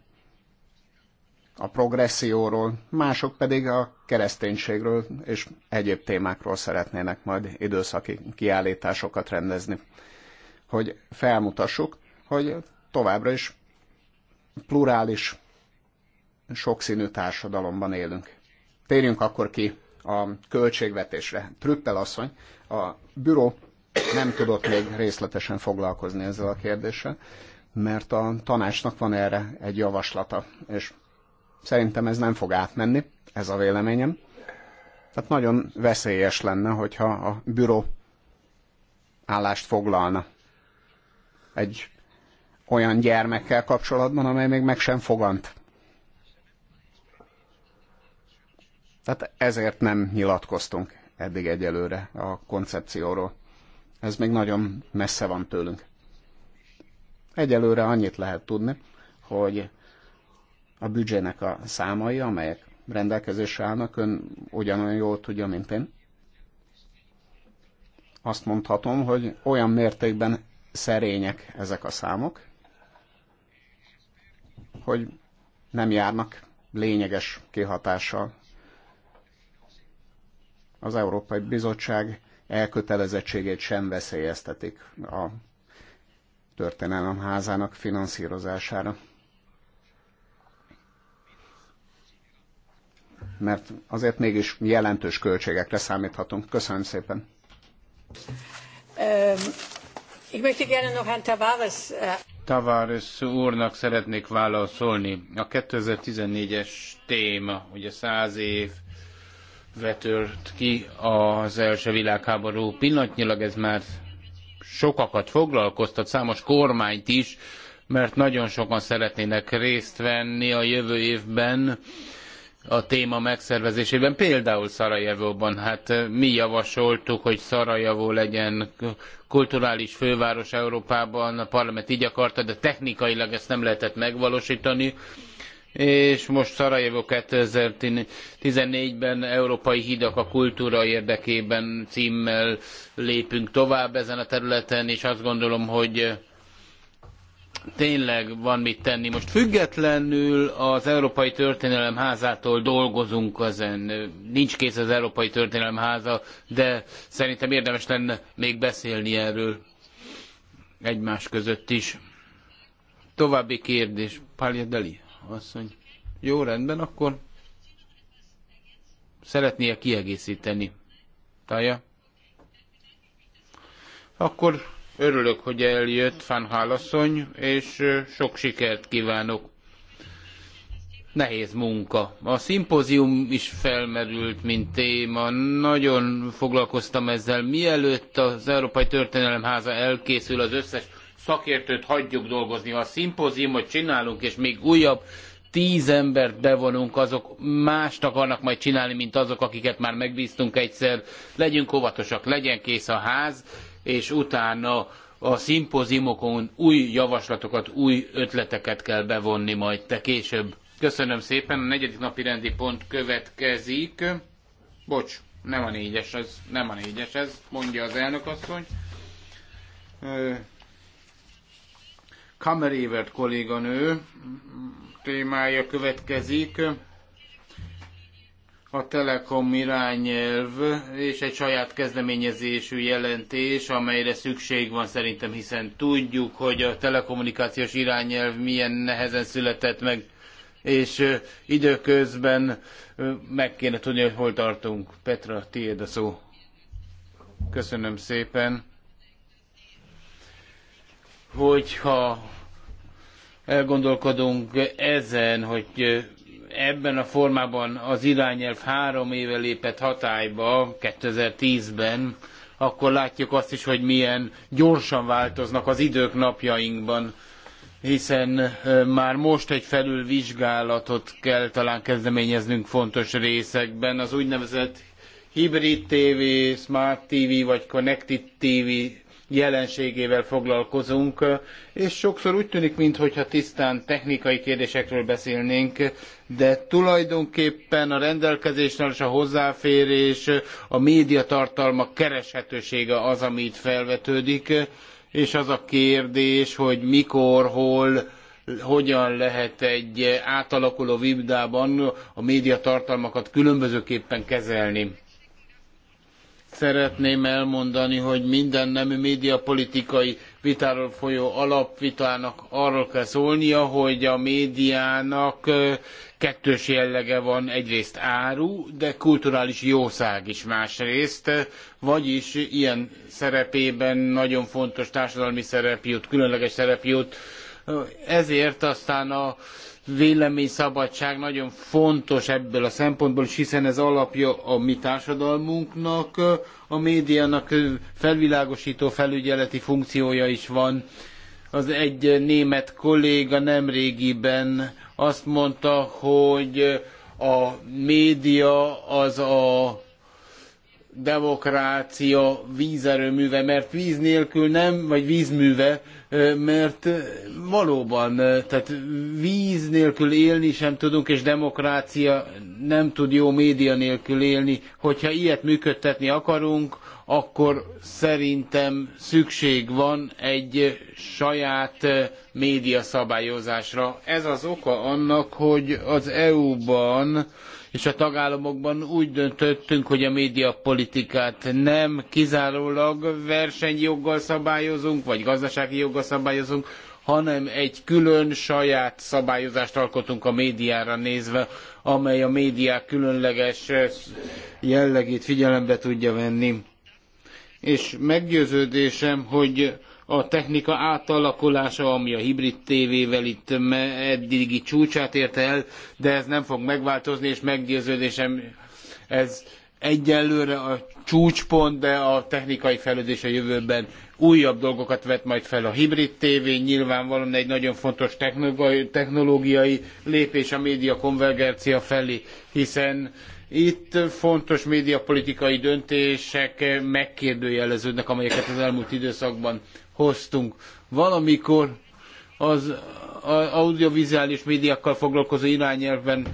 a progresszióról, mások pedig a kereszténységről és egyéb témákról szeretnének majd időszaki kiállításokat rendezni, hogy felmutassuk, hogy továbbra is plurális, sokszínű társadalomban élünk. Térjünk akkor ki a költségvetésre. Trüppel asszony, a büro nem tudott még részletesen foglalkozni ezzel a kérdéssel, mert a tanácsnak van erre egy javaslata, és szerintem ez nem fog átmenni ez a véleményem. Tehát nagyon veszélyes lenne, hogyha a büro állást foglalna egy olyan gyermekkel kapcsolatban, amely még meg sem fogant. Tehát ezért nem nyilatkoztunk eddig egyelőre a koncepcióról. Ez még nagyon messze van tőlünk. Egyelőre annyit lehet tudni, hogy a büdzsének a számai, amelyek rendelkezésre állnak, ön ugyanolyan jól tudja, mint én. Azt mondhatom, hogy olyan mértékben szerények ezek a számok, hogy nem járnak lényeges kihatással az Európai Bizottság elkötelezettségét sem veszélyeztetik a történelem házának finanszírozására. mert azért mégis jelentős költségekre számíthatunk. Köszönöm szépen. Hát Tavares. úrnak szeretnék válaszolni. A 2014-es téma, ugye száz év vetört ki az első világháború. Pillanatnyilag ez már sokakat foglalkoztat, számos kormányt is, mert nagyon sokan szeretnének részt venni a jövő évben a téma megszervezésében, például Szarajevóban. Hát mi javasoltuk, hogy Szarajevó legyen kulturális főváros Európában, a parlament így akarta, de technikailag ezt nem lehetett megvalósítani és most Szarajevó 2014-ben Európai Hidak a Kultúra érdekében címmel lépünk tovább ezen a területen, és azt gondolom, hogy tényleg van mit tenni. Most függetlenül az Európai Történelem házától dolgozunk ezen. Nincs kész az Európai Történelem háza, de szerintem érdemes lenne még beszélni erről egymás között is. További kérdés. Pálya Deli asszony. Jó, rendben, akkor szeretnie kiegészíteni. Taja? Akkor Örülök, hogy eljött Fanhál asszony, és sok sikert kívánok. Nehéz munka. A szimpózium is felmerült, mint téma. Nagyon foglalkoztam ezzel. Mielőtt az Európai Történelem Háza elkészül, az összes szakértőt hagyjuk dolgozni. Ha a szimpóziumot csinálunk, és még újabb tíz embert bevonunk, azok mást akarnak majd csinálni, mint azok, akiket már megbíztunk egyszer. Legyünk óvatosak, legyen kész a ház és utána a szimpóziumokon új javaslatokat, új ötleteket kell bevonni majd te később. Köszönöm szépen, a negyedik napi rendi pont következik. Bocs, nem a négyes ez, nem a négyes ez, mondja az elnök asszony. Kamerévert kolléganő témája következik a Telekom irányelv és egy saját kezdeményezésű jelentés, amelyre szükség van szerintem, hiszen tudjuk, hogy a telekommunikációs irányelv milyen nehezen született meg, és időközben meg kéne tudni, hogy hol tartunk. Petra, tiéd a szó. Köszönöm szépen. Hogyha elgondolkodunk ezen, hogy ebben a formában az irányelv három éve lépett hatályba 2010-ben, akkor látjuk azt is, hogy milyen gyorsan változnak az idők napjainkban, hiszen már most egy felülvizsgálatot kell talán kezdeményeznünk fontos részekben, az úgynevezett hibrid TV, smart TV vagy connected TV jelenségével foglalkozunk, és sokszor úgy tűnik, mintha tisztán technikai kérdésekről beszélnénk, de tulajdonképpen a rendelkezésnél és a hozzáférés, a médiatartalmak kereshetősége az, ami itt felvetődik, és az a kérdés, hogy mikor, hol, hogyan lehet egy átalakuló vibdában a médiatartalmakat különbözőképpen kezelni. Szeretném elmondani, hogy minden nemű médiapolitikai vitáról folyó alapvitának arról kell szólnia, hogy a médiának kettős jellege van, egyrészt áru, de kulturális jószág is másrészt, vagyis ilyen szerepében nagyon fontos társadalmi szerep jut, különleges szerep jut, ezért aztán a véleményszabadság nagyon fontos ebből a szempontból is, hiszen ez alapja a mi társadalmunknak, a médiának felvilágosító felügyeleti funkciója is van. Az egy német kolléga nemrégiben azt mondta, hogy a média az a demokrácia vízerőműve, mert víz nélkül nem, vagy vízműve, mert valóban, tehát víz nélkül élni sem tudunk, és demokrácia nem tud jó média nélkül élni. Hogyha ilyet működtetni akarunk, akkor szerintem szükség van egy saját médiaszabályozásra. Ez az oka annak, hogy az EU-ban és a tagállamokban úgy döntöttünk, hogy a médiapolitikát nem kizárólag versenyjoggal szabályozunk, vagy gazdasági joggal szabályozunk, hanem egy külön saját szabályozást alkotunk a médiára nézve, amely a médiák különleges jellegét figyelembe tudja venni. És meggyőződésem, hogy a technika átalakulása, ami a hibrid tévével itt eddigi csúcsát érte el, de ez nem fog megváltozni, és meggyőződésem ez egyelőre a csúcspont, de a technikai fejlődés a jövőben újabb dolgokat vet majd fel. A hibrid tévé nyilvánvalóan egy nagyon fontos technológiai lépés a média konvergencia felé, hiszen itt fontos médiapolitikai döntések megkérdőjeleződnek, amelyeket az elmúlt időszakban hoztunk. Valamikor az audiovizuális médiakkal foglalkozó irányelvben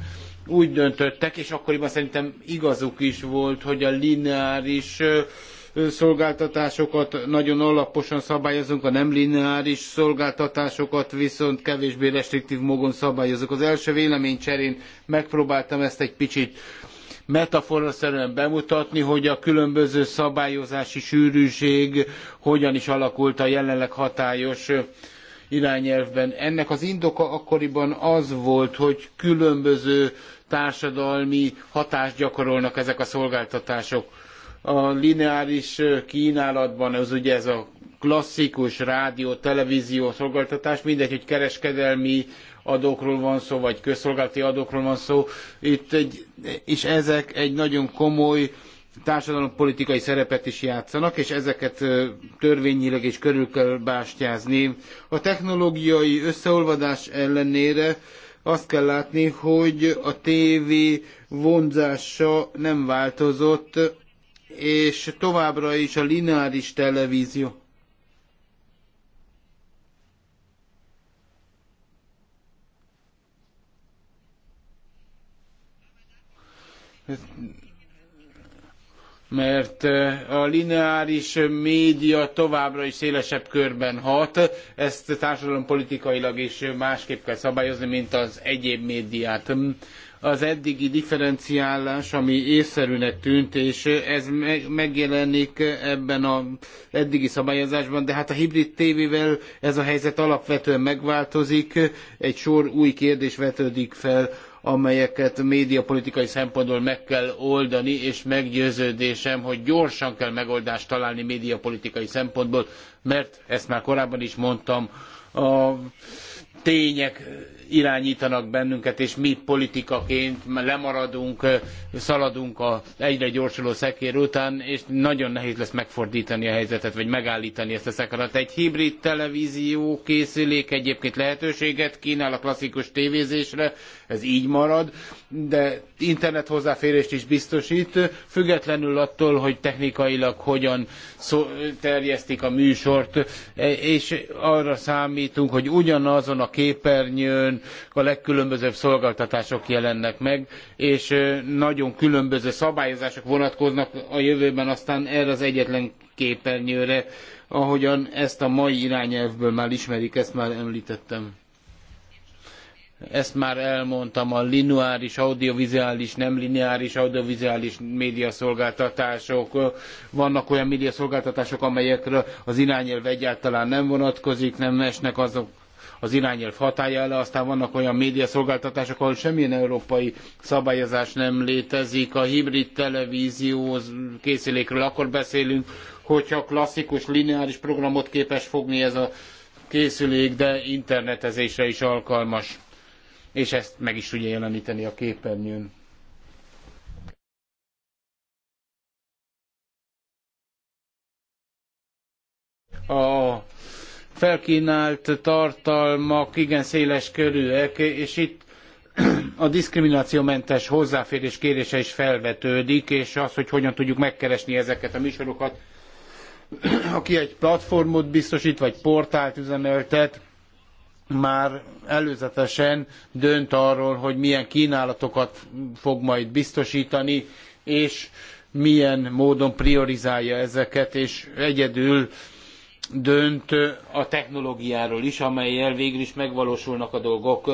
úgy döntöttek, és akkoriban szerintem igazuk is volt, hogy a lineáris szolgáltatásokat nagyon alaposan szabályozunk, a nem lineáris szolgáltatásokat viszont kevésbé restriktív módon szabályozunk. Az első véleménycserén megpróbáltam ezt egy picit metaforaszerűen bemutatni, hogy a különböző szabályozási sűrűség hogyan is alakult a jelenleg hatályos irányelvben. Ennek az indoka akkoriban az volt, hogy különböző társadalmi hatást gyakorolnak ezek a szolgáltatások. A lineáris kínálatban az ugye ez a klasszikus rádió, televízió szolgáltatás, mindegy, hogy kereskedelmi adókról van szó, vagy közszolgálati adókról van szó. Itt egy, és ezek egy nagyon komoly társadalompolitikai szerepet is játszanak, és ezeket törvényileg is körül kell bástyázni. A technológiai összeolvadás ellenére azt kell látni, hogy a tévé vonzása nem változott, és továbbra is a lineáris televízió mert eh, a lineáris média továbbra is szélesebb körben hat, ezt társadalompolitikailag is másképp kell szabályozni, mint az egyéb médiát. Az eddigi differenciálás, ami észszerűnek tűnt, és ez megjelenik ebben az eddigi szabályozásban, de hát a hibrid tévével ez a helyzet alapvetően megváltozik, egy sor új kérdés vetődik fel amelyeket médiapolitikai szempontból meg kell oldani, és meggyőződésem, hogy gyorsan kell megoldást találni médiapolitikai szempontból, mert ezt már korábban is mondtam, a tények irányítanak bennünket, és mi politikaként lemaradunk, szaladunk a egyre gyorsuló szekér után, és nagyon nehéz lesz megfordítani a helyzetet, vagy megállítani ezt a szekarat. Egy hibrid televízió készülék egyébként lehetőséget kínál a klasszikus tévézésre, ez így marad, de internet hozzáférést is biztosít, függetlenül attól, hogy technikailag hogyan terjesztik a műsort, e, és arra számítunk, hogy ugyanazon a képernyőn a legkülönbözőbb szolgáltatások jelennek meg, és e, nagyon különböző szabályozások vonatkoznak a jövőben aztán erre az egyetlen képernyőre, ahogyan ezt a mai irányelvből már ismerik, ezt már említettem ezt már elmondtam, a lineáris, audiovizuális, nem lineáris, audiovizuális médiaszolgáltatások. Vannak olyan médiaszolgáltatások, amelyekre az irányelv egyáltalán nem vonatkozik, nem esnek azok az irányelv hatája alá, aztán vannak olyan médiaszolgáltatások, ahol semmilyen európai szabályozás nem létezik, a hibrid televízió készülékről akkor beszélünk, hogyha klasszikus, lineáris programot képes fogni ez a készülék, de internetezésre is alkalmas és ezt meg is tudja jeleníteni a képernyőn. A felkínált tartalmak igen széles körűek, és itt a diszkriminációmentes hozzáférés kérése is felvetődik, és az, hogy hogyan tudjuk megkeresni ezeket a műsorokat. Aki egy platformot biztosít, vagy portált üzemeltet, már előzetesen dönt arról, hogy milyen kínálatokat fog majd biztosítani, és milyen módon priorizálja ezeket, és egyedül dönt a technológiáról is, amelyel végül is megvalósulnak a dolgok.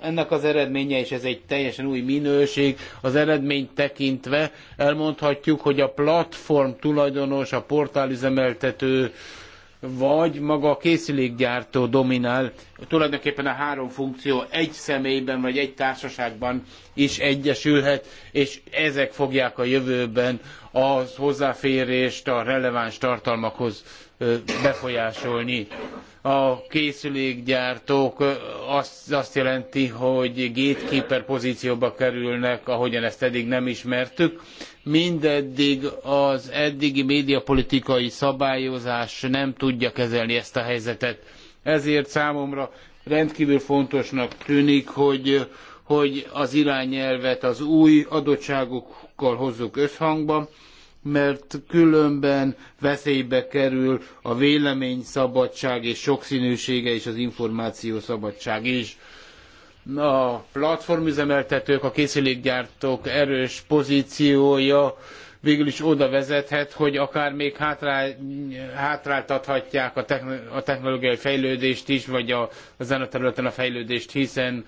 Ennek az eredménye, és ez egy teljesen új minőség, az eredményt tekintve elmondhatjuk, hogy a platform tulajdonos, a portálüzemeltető üzemeltető vagy maga a készülékgyártó dominál. Tulajdonképpen a három funkció egy személyben vagy egy társaságban is egyesülhet, és ezek fogják a jövőben a hozzáférést a releváns tartalmakhoz befolyásolni. A készülékgyártók azt, azt jelenti, hogy gatekeeper pozícióba kerülnek, ahogyan ezt eddig nem ismertük. Mindeddig az eddigi médiapolitikai szabályozás nem tudja kezelni ezt a helyzetet. Ezért számomra rendkívül fontosnak tűnik, hogy, hogy az irányelvet az új adottságokkal hozzuk összhangba, mert különben veszélybe kerül a vélemény szabadság és sokszínűsége és az információ szabadság is. A platformüzemeltetők, a készülékgyártók erős pozíciója végül is oda vezethet, hogy akár még hátráltathatják a, technológiai fejlődést is, vagy a, ezen a területen a fejlődést, hiszen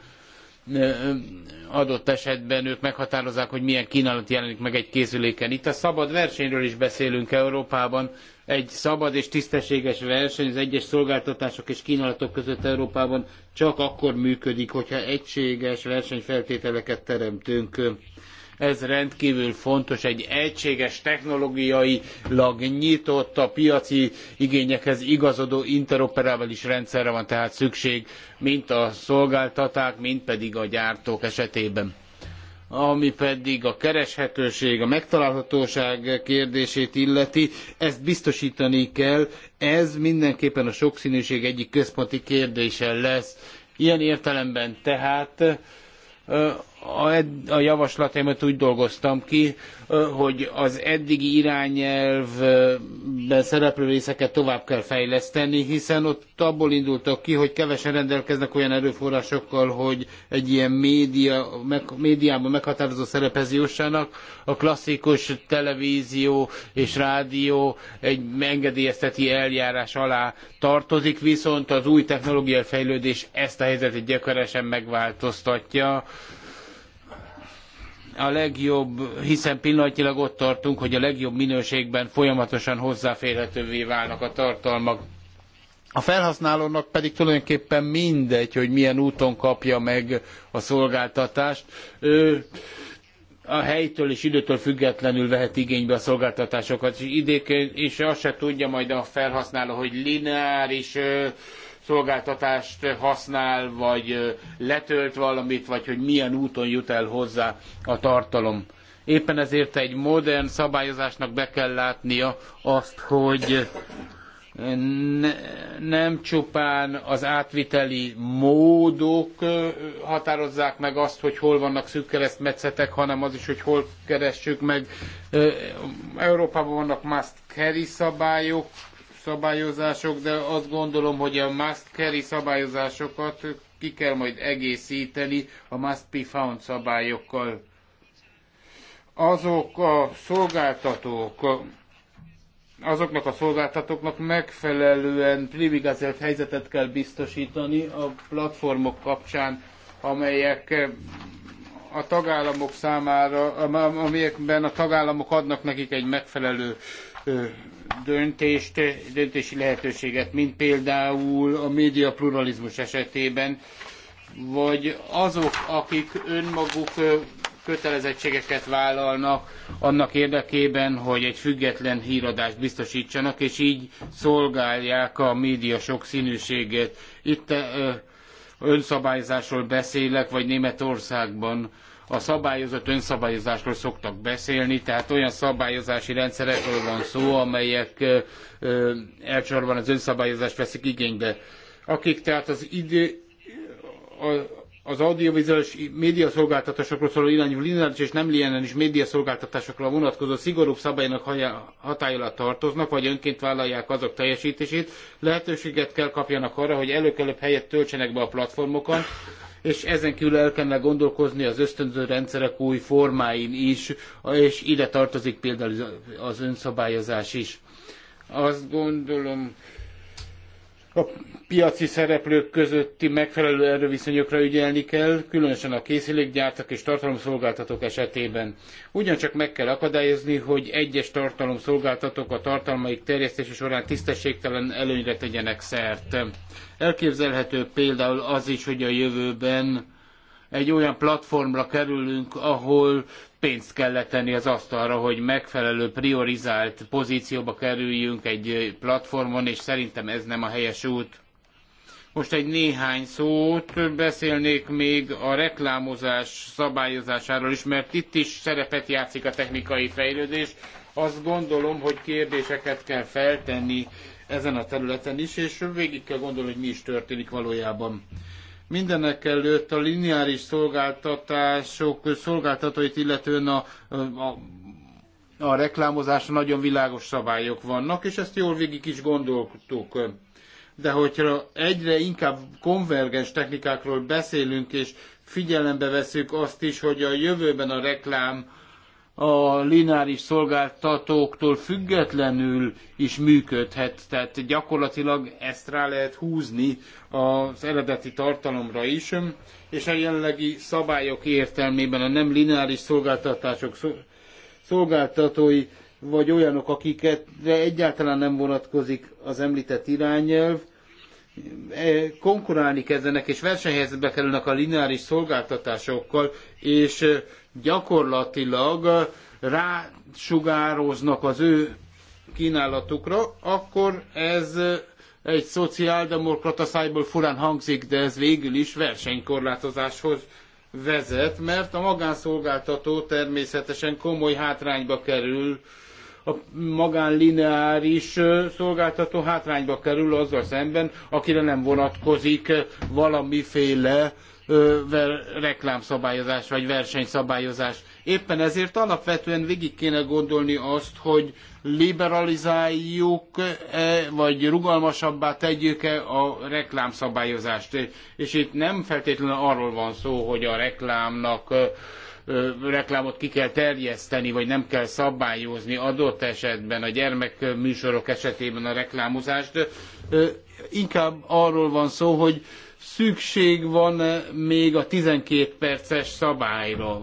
adott esetben ők meghatározzák, hogy milyen kínálat jelenik meg egy készüléken. Itt a szabad versenyről is beszélünk Európában. Egy szabad és tisztességes verseny az egyes szolgáltatások és kínálatok között Európában csak akkor működik, hogyha egységes versenyfeltételeket teremtünk. Ez rendkívül fontos, egy egységes, technológiailag nyitott, a piaci igényekhez igazodó interoperábilis rendszerre van tehát szükség, mint a szolgáltaták, mint pedig a gyártók esetében ami pedig a kereshetőség, a megtalálhatóság kérdését illeti, ezt biztosítani kell. Ez mindenképpen a sokszínűség egyik központi kérdése lesz. Ilyen értelemben tehát a javaslataimat úgy dolgoztam ki, hogy az eddigi irányelvben szereplő részeket tovább kell fejleszteni, hiszen ott abból indultak ki, hogy kevesen rendelkeznek olyan erőforrásokkal, hogy egy ilyen média, meg, médiában meghatározó szerephez jussanak. A klasszikus televízió és rádió egy engedélyezteti eljárás alá tartozik, viszont az új technológiai fejlődés ezt a helyzetet gyökeresen megváltoztatja a legjobb, hiszen pillanatnyilag ott tartunk, hogy a legjobb minőségben folyamatosan hozzáférhetővé válnak a tartalmak. A felhasználónak pedig tulajdonképpen mindegy, hogy milyen úton kapja meg a szolgáltatást. Ő a helytől és időtől függetlenül vehet igénybe a szolgáltatásokat, és, idék, és azt se tudja majd a felhasználó, hogy lineáris szolgáltatást használ, vagy letölt valamit, vagy hogy milyen úton jut el hozzá a tartalom. Éppen ezért egy modern szabályozásnak be kell látnia azt, hogy ne, nem csupán az átviteli módok határozzák meg azt, hogy hol vannak szűk keresztmetszetek, hanem az is, hogy hol keressük meg. Európában vannak must carry szabályok, szabályozások, de azt gondolom, hogy a must carry szabályozásokat ki kell majd egészíteni a must be found szabályokkal. Azok a szolgáltatók, azoknak a szolgáltatóknak megfelelően privigazelt helyzetet kell biztosítani a platformok kapcsán, amelyek a tagállamok számára, amelyekben a tagállamok adnak nekik egy megfelelő döntést, döntési lehetőséget, mint például a média pluralizmus esetében, vagy azok, akik önmaguk kötelezettségeket vállalnak annak érdekében, hogy egy független híradást biztosítsanak, és így szolgálják a média sokszínűséget. Itt önszabályzásról beszélek, vagy Németországban a szabályozott önszabályozásról szoktak beszélni, tehát olyan szabályozási rendszerekről van szó, amelyek elsősorban az önszabályozást veszik igénybe. Akik tehát az idő, a, az audiovizuális médiaszolgáltatásokról szóló irányú lineáris és nem lineáris médiaszolgáltatásokra vonatkozó szigorúbb szabálynak hatály alá tartoznak, vagy önként vállalják azok teljesítését, lehetőséget kell kapjanak arra, hogy előkelőbb helyet töltsenek be a platformokon, és ezen kívül el kellene gondolkozni az ösztönző rendszerek új formáin is, és ide tartozik például az önszabályozás is. Azt gondolom, a piaci szereplők közötti megfelelő erőviszonyokra ügyelni kell, különösen a készülékgyártók és tartalomszolgáltatók esetében. Ugyancsak meg kell akadályozni, hogy egyes tartalomszolgáltatók a tartalmaik terjesztése során tisztességtelen előnyre tegyenek szert. Elképzelhető például az is, hogy a jövőben egy olyan platformra kerülünk, ahol pénzt kell tenni az asztalra, hogy megfelelő priorizált pozcióba kerüljünk egy platformon, és szerintem ez nem a helyes út. Most egy néhány szót beszélnék még a reklámozás szabályozásáról is, mert itt is szerepet játszik a technikai fejlődés. Azt gondolom, hogy kérdéseket kell feltenni ezen a területen is, és végig kell gondolni, hogy mi is történik valójában. Mindenek előtt a lineáris szolgáltatások szolgáltatóit, illetően a, a, a reklámozásra nagyon világos szabályok vannak, és ezt jól végig is gondoltuk de hogyha egyre inkább konvergens technikákról beszélünk, és figyelembe veszük azt is, hogy a jövőben a reklám a lineáris szolgáltatóktól függetlenül is működhet, tehát gyakorlatilag ezt rá lehet húzni az eredeti tartalomra is, és a jelenlegi szabályok értelmében a nem lineáris szolgáltatások szolgáltatói vagy olyanok, akiket egyáltalán nem vonatkozik az említett irányelv, e, konkurálni kezdenek és versenyhelyzetbe kerülnek a lineáris szolgáltatásokkal, és gyakorlatilag rásugároznak az ő kínálatukra, akkor ez egy szociáldemokrata szájból furán hangzik, de ez végül is versenykorlátozáshoz vezet, mert a magánszolgáltató természetesen komoly hátrányba kerül, a magánlineáris szolgáltató hátrányba kerül azzal szemben, akire nem vonatkozik valamiféle reklámszabályozás vagy versenyszabályozás. Éppen ezért alapvetően végig kéne gondolni azt, hogy liberalizáljuk -e, vagy rugalmasabbá tegyük-e a reklámszabályozást. És itt nem feltétlenül arról van szó, hogy a reklámnak reklámot ki kell terjeszteni, vagy nem kell szabályozni adott esetben a gyermekműsorok esetében a reklámozást. Inkább arról van szó, hogy szükség van még a 12 perces szabályra?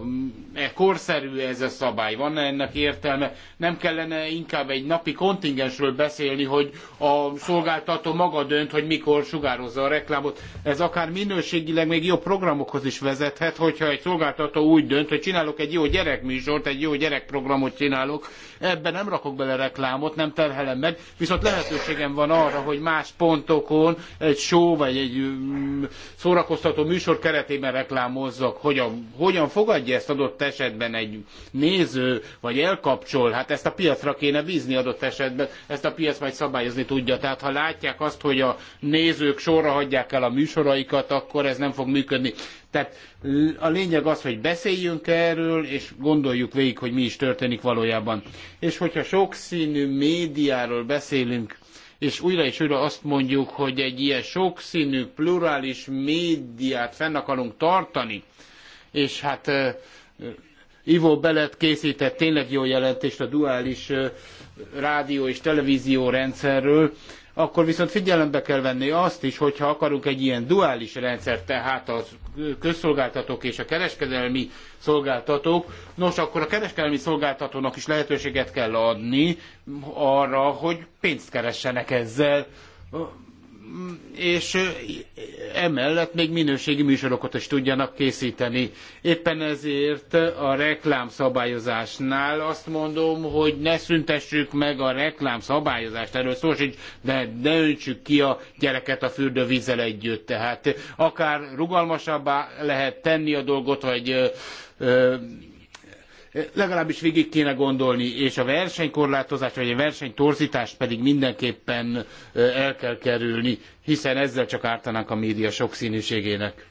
E, korszerű ez a szabály? Van-e ennek értelme? Nem kellene inkább egy napi kontingensről beszélni, hogy a szolgáltató maga dönt, hogy mikor sugározza a reklámot. Ez akár minőségileg még jobb programokhoz is vezethet, hogyha egy szolgáltató úgy dönt, hogy csinálok egy jó gyerekműsort, egy jó gyerekprogramot csinálok, Ebben nem rakok bele reklámot, nem terhelem meg, viszont lehetőségem van arra, hogy más pontokon egy show vagy egy mm, szórakoztató műsor keretében reklámozzak, hogyan, hogyan fogadja ezt adott esetben egy néző, vagy elkapcsol, hát ezt a piacra kéne bízni adott esetben, ezt a piac majd szabályozni tudja. Tehát ha látják azt, hogy a nézők sorra hagyják el a műsoraikat, akkor ez nem fog működni. Tehát a lényeg az, hogy beszéljünk erről, és gondoljuk végig, hogy mi is történik valójában. És hogyha sokszínű médiáról beszélünk, és újra és újra azt mondjuk, hogy egy ilyen sokszínű, plurális médiát fenn akarunk tartani, és hát Ivo Belet készített tényleg jó jelentést a duális rádió és televízió rendszerről, akkor viszont figyelembe kell venni azt is, hogyha akarunk egy ilyen duális rendszert, tehát a közszolgáltatók és a kereskedelmi szolgáltatók, nos, akkor a kereskedelmi szolgáltatónak is lehetőséget kell adni arra, hogy pénzt keressenek ezzel és emellett még minőségi műsorokat is tudjanak készíteni. Éppen ezért a reklámszabályozásnál azt mondom, hogy ne szüntessük meg a reklámszabályozást, erről szó sincs, de ne öntsük ki a gyereket a fürdővízzel együtt. Tehát akár rugalmasabbá lehet tenni a dolgot, vagy legalábbis végig kéne gondolni, és a versenykorlátozást vagy a versenytorzítást pedig mindenképpen el kell kerülni, hiszen ezzel csak ártanánk a média sokszínűségének.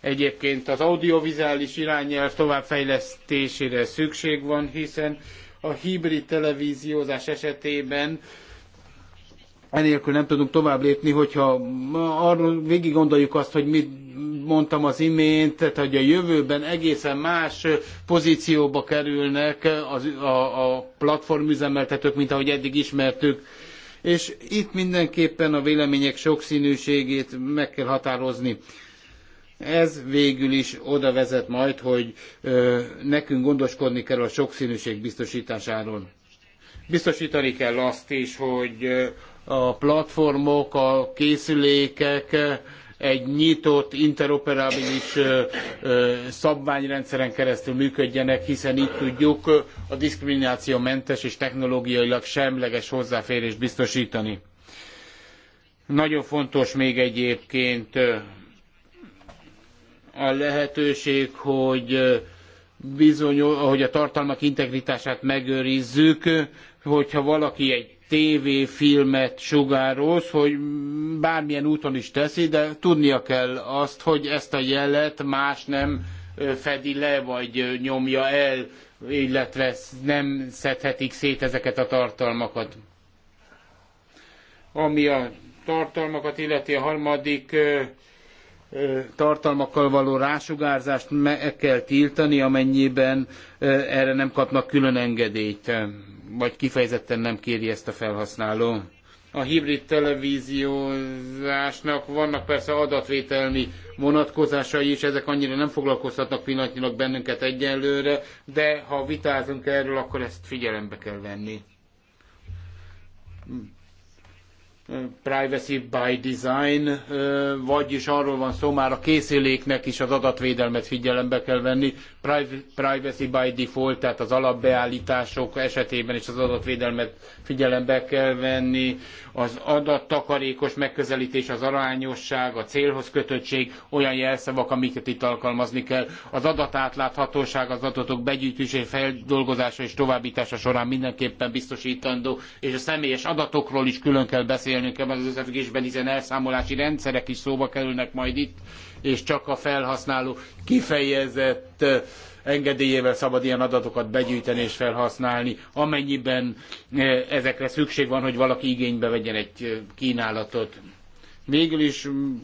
Egyébként az audiovizuális irányelv továbbfejlesztésére szükség van, hiszen a hibrid televíziózás esetében enélkül nem tudunk tovább lépni, hogyha arról végig gondoljuk azt, hogy mit, mondtam az imént, tehát hogy a jövőben egészen más pozícióba kerülnek az, a, a platformüzemeltetők, mint ahogy eddig ismertük. És itt mindenképpen a vélemények sokszínűségét meg kell határozni ez végül is oda vezet majd, hogy ö, nekünk gondoskodni kell a sokszínűség biztosításáról. Biztosítani kell azt is, hogy a platformok, a készülékek egy nyitott, interoperabilis szabványrendszeren keresztül működjenek, hiszen így tudjuk a diszkriminációmentes és technológiailag semleges hozzáférést biztosítani. Nagyon fontos még egyébként a lehetőség, hogy bizony, hogy a tartalmak integritását megőrizzük, hogyha valaki egy tévéfilmet sugároz, hogy bármilyen úton is teszi, de tudnia kell azt, hogy ezt a jelet más nem fedi le, vagy nyomja el, illetve nem szedhetik szét ezeket a tartalmakat. Ami a tartalmakat illeti a harmadik tartalmakkal való rásugárzást meg kell tiltani, amennyiben erre nem kapnak külön engedélyt, vagy kifejezetten nem kéri ezt a felhasználó. A hibrid televíziózásnak vannak persze adatvételmi vonatkozásai, és ezek annyira nem foglalkoztatnak pillanatnyilag bennünket egyenlőre, de ha vitázunk erről, akkor ezt figyelembe kell venni privacy by design, vagyis arról van szó, már a készüléknek is az adatvédelmet figyelembe kell venni, privacy by default, tehát az alapbeállítások esetében is az adatvédelmet figyelembe kell venni, az adattakarékos megközelítés, az arányosság, a célhoz kötöttség, olyan jelszavak, amiket itt alkalmazni kell. Az adatátláthatóság, az adatok begyűjtése, feldolgozása és továbbítása során mindenképpen biztosítandó, és a személyes adatokról is külön kell beszélnünk ebben az összefüggésben, hiszen elszámolási rendszerek is szóba kerülnek majd itt, és csak a felhasználó kifejezett engedélyével szabad ilyen adatokat begyűjteni és felhasználni, amennyiben eh, ezekre szükség van, hogy valaki igénybe vegyen egy eh, kínálatot. Végül is mm,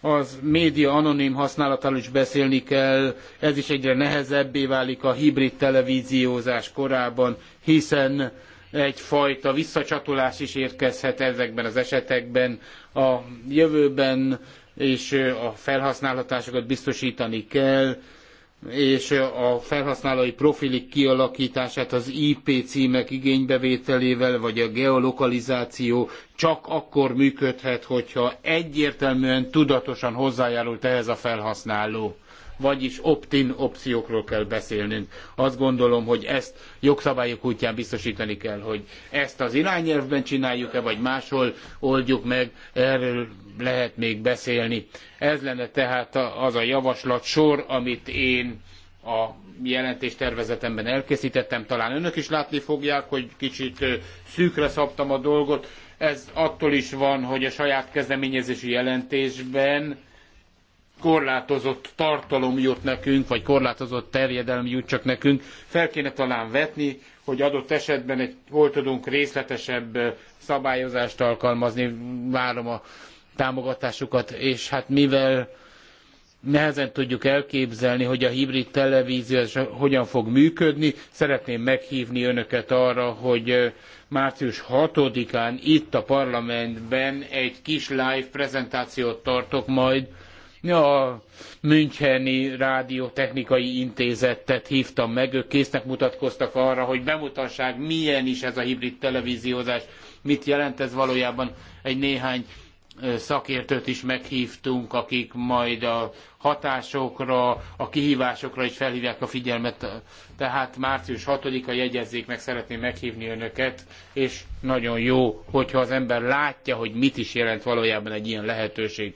az média anonim használatáról is beszélni kell, ez is egyre nehezebbé válik a hibrid televíziózás korában, hiszen egyfajta visszacsatolás is érkezhet ezekben az esetekben a jövőben, és eh, a felhasználhatásokat biztosítani kell, és a felhasználói profilik kialakítását az IP címek igénybevételével, vagy a geolokalizáció csak akkor működhet, hogyha egyértelműen tudatosan hozzájárult ehhez a felhasználó vagyis opt-in opciókról kell beszélnünk. Azt gondolom, hogy ezt jogszabályok útján biztosítani kell, hogy ezt az irányelvben csináljuk-e, vagy máshol oldjuk meg, erről lehet még beszélni. Ez lenne tehát az a javaslat sor, amit én a jelentéstervezetemben elkészítettem. Talán önök is látni fogják, hogy kicsit szűkre szabtam a dolgot. Ez attól is van, hogy a saját kezdeményezési jelentésben korlátozott tartalom jut nekünk, vagy korlátozott terjedelem jut csak nekünk, fel kéne talán vetni, hogy adott esetben egy, hol tudunk részletesebb szabályozást alkalmazni, várom a támogatásukat, és hát mivel nehezen tudjuk elképzelni, hogy a hibrid televízió hogyan fog működni. Szeretném meghívni önöket arra, hogy március 6-án itt a parlamentben egy kis live prezentációt tartok majd, a Müncheni Rádiótechnikai Intézetet hívtam meg, ők késznek mutatkoztak arra, hogy bemutassák, milyen is ez a hibrid televíziózás, mit jelent ez valójában. Egy néhány szakértőt is meghívtunk, akik majd a hatásokra, a kihívásokra is felhívják a figyelmet. Tehát március 6-a jegyezzék meg, szeretném meghívni önöket, és nagyon jó, hogyha az ember látja, hogy mit is jelent valójában egy ilyen lehetőség.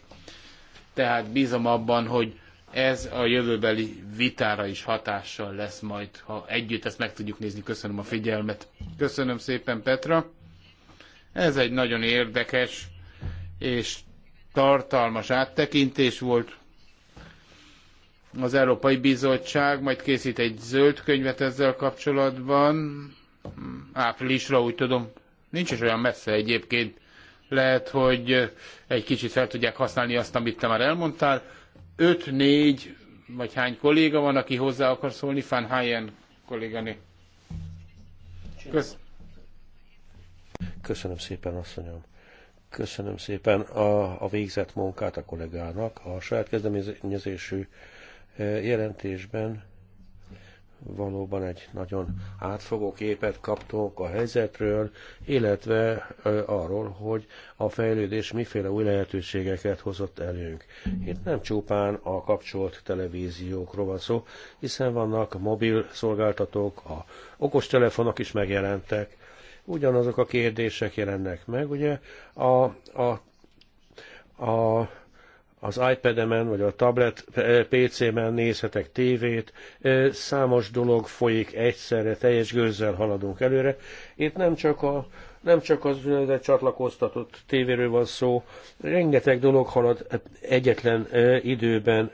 Tehát bízom abban, hogy ez a jövőbeli vitára is hatással lesz majd, ha együtt ezt meg tudjuk nézni. Köszönöm a figyelmet. Köszönöm szépen, Petra. Ez egy nagyon érdekes és tartalmas áttekintés volt. Az Európai Bizottság majd készít egy zöld könyvet ezzel kapcsolatban. Áprilisra úgy tudom. Nincs is olyan messze egyébként lehet, hogy egy kicsit fel tudják használni azt, amit te már elmondtál. 5-4 vagy hány kolléga van, aki hozzá akar szólni? Fán Hájen kolléganő. Kösz. Köszönöm szépen, asszonyom. Köszönöm szépen a, a végzett munkát a kollégának. A saját kezdeményezésű eh, jelentésben valóban egy nagyon átfogó képet kaptunk a helyzetről, illetve arról, hogy a fejlődés miféle új lehetőségeket hozott előnk. Itt nem csupán a kapcsolt televíziókról van szó, hiszen vannak mobil szolgáltatók, a okostelefonok is megjelentek, ugyanazok a kérdések jelennek meg, ugye a, a, a az iPad-emen vagy a tablet eh, PC-men nézhetek tévét, eh, számos dolog folyik egyszerre, teljes gőzzel haladunk előre. Itt nem csak a nem csak az ünnepre eh, csatlakoztatott tévéről van szó, rengeteg dolog halad egyetlen időben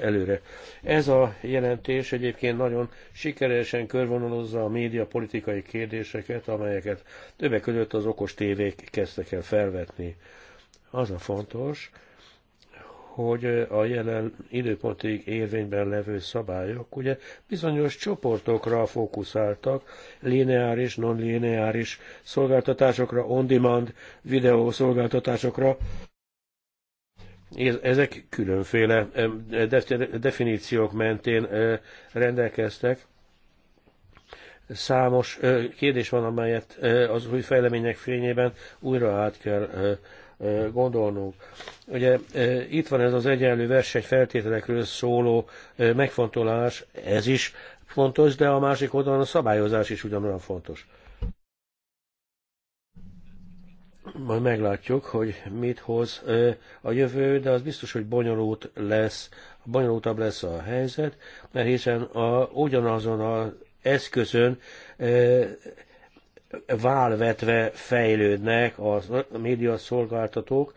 előre. Ez a jelentés egyébként nagyon sikeresen körvonalozza a média politikai kérdéseket, amelyeket többek között az okos tévék kezdtek el felvetni. Az a fontos, hogy a jelen időpontig érvényben levő szabályok ugye bizonyos csoportokra fókuszáltak, lineáris, non-lineáris szolgáltatásokra, on-demand videó szolgáltatásokra. Ezek különféle definíciók mentén rendelkeztek. Számos kérdés van, amelyet az új fejlemények fényében újra át kell gondolnunk. Ugye itt van ez az egyenlő verseny feltételekről szóló megfontolás, ez is fontos, de a másik oldalon a szabályozás is ugyanolyan fontos. Majd meglátjuk, hogy mit hoz a jövő, de az biztos, hogy bonyolult lesz, bonyolultabb lesz a helyzet, mert hiszen a, ugyanazon az eszközön válvetve fejlődnek a médiaszolgáltatók.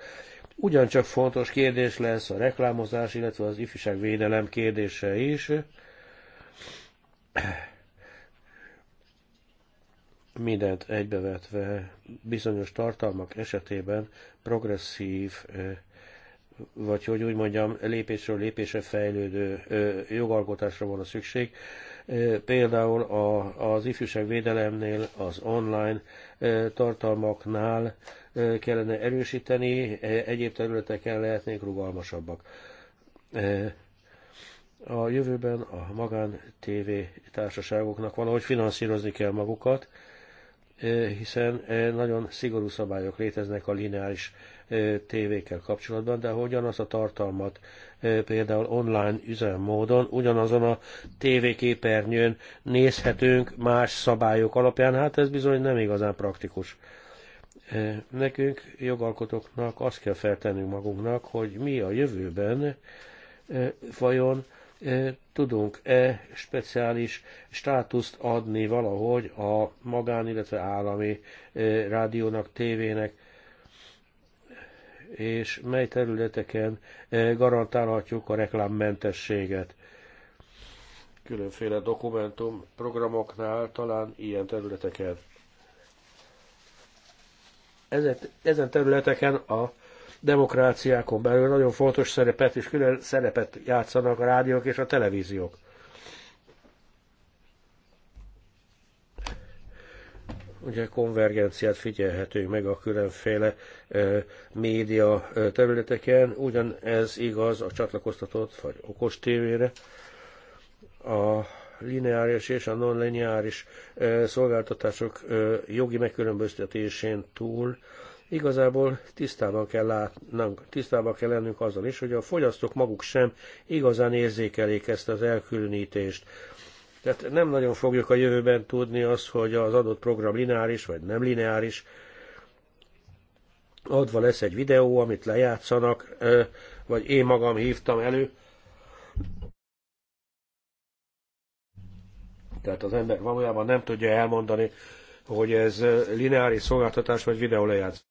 Ugyancsak fontos kérdés lesz a reklámozás, illetve az ifjúságvédelem kérdése is. Mindent egybevetve bizonyos tartalmak esetében progresszív vagy hogy úgy mondjam, lépésről lépésre fejlődő jogalkotásra van a szükség például a, az ifjúságvédelemnél, az online tartalmaknál kellene erősíteni, e, egyéb területeken lehetnénk rugalmasabbak. A jövőben a magán TV társaságoknak valahogy finanszírozni kell magukat, hiszen nagyon szigorú szabályok léteznek a lineáris tévékkel kapcsolatban, de ugyanaz a tartalmat például online üzemmódon, ugyanazon a tévéképernyőn nézhetünk más szabályok alapján, hát ez bizony nem igazán praktikus. Nekünk, jogalkotóknak azt kell feltennünk magunknak, hogy mi a jövőben vajon tudunk-e speciális státuszt adni valahogy a magán, illetve állami rádiónak, tévének, és mely területeken eh, garantálhatjuk a reklámmentességet. Különféle dokumentum programoknál talán ilyen területeken. Ezen területeken a demokráciákon belül nagyon fontos szerepet és külön szerepet játszanak a rádiók és a televíziók. ugye konvergenciát figyelhetünk meg a különféle média területeken, ugyanez igaz a csatlakoztatott vagy okos tévére. A lineáris és a non-lineáris szolgáltatások jogi megkülönböztetésén túl igazából tisztában kell látnunk, tisztában kell lennünk azzal is, hogy a fogyasztók maguk sem igazán érzékelik ezt az elkülönítést. Tehát nem nagyon fogjuk a jövőben tudni azt, hogy az adott program lineáris vagy nem lineáris. Adva lesz egy videó, amit lejátszanak, vagy én magam hívtam elő. Tehát az ember valójában nem tudja elmondani, hogy ez lineáris szolgáltatás vagy videó lejátszás.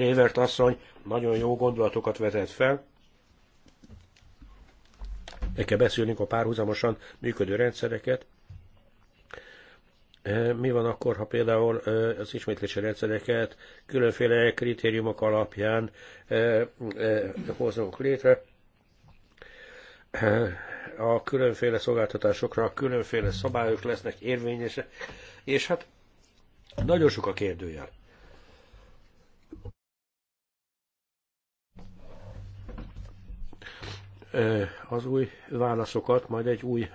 évert asszony nagyon jó gondolatokat vetett fel. Meg kell beszélnünk a párhuzamosan működő rendszereket. E, mi van akkor, ha például e, az ismétlési rendszereket különféle kritériumok alapján e, hozunk létre? A különféle szolgáltatásokra különféle szabályok lesznek érvényesek, és hát nagyon sok a kérdőjel. az új válaszokat majd egy új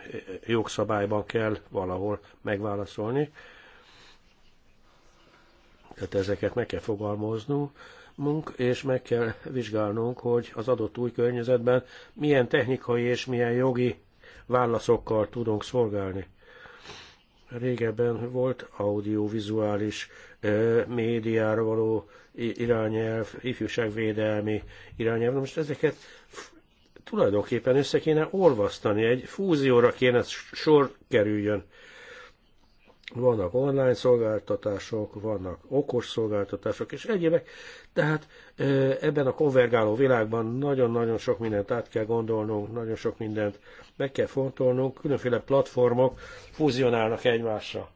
jogszabályban kell valahol megválaszolni. Tehát ezeket meg kell fogalmaznunk, és meg kell vizsgálnunk, hogy az adott új környezetben milyen technikai és milyen jogi válaszokkal tudunk szolgálni. Régebben volt audiovizuális médiára való irányelv, ifjúságvédelmi irányelv. Na most ezeket tulajdonképpen össze kéne olvasztani, egy fúzióra kéne sor kerüljön. Vannak online szolgáltatások, vannak okos szolgáltatások és egyébek, tehát ebben a konvergáló világban nagyon-nagyon sok mindent át kell gondolnunk, nagyon sok mindent meg kell fontolnunk, különféle platformok fúzionálnak egymásra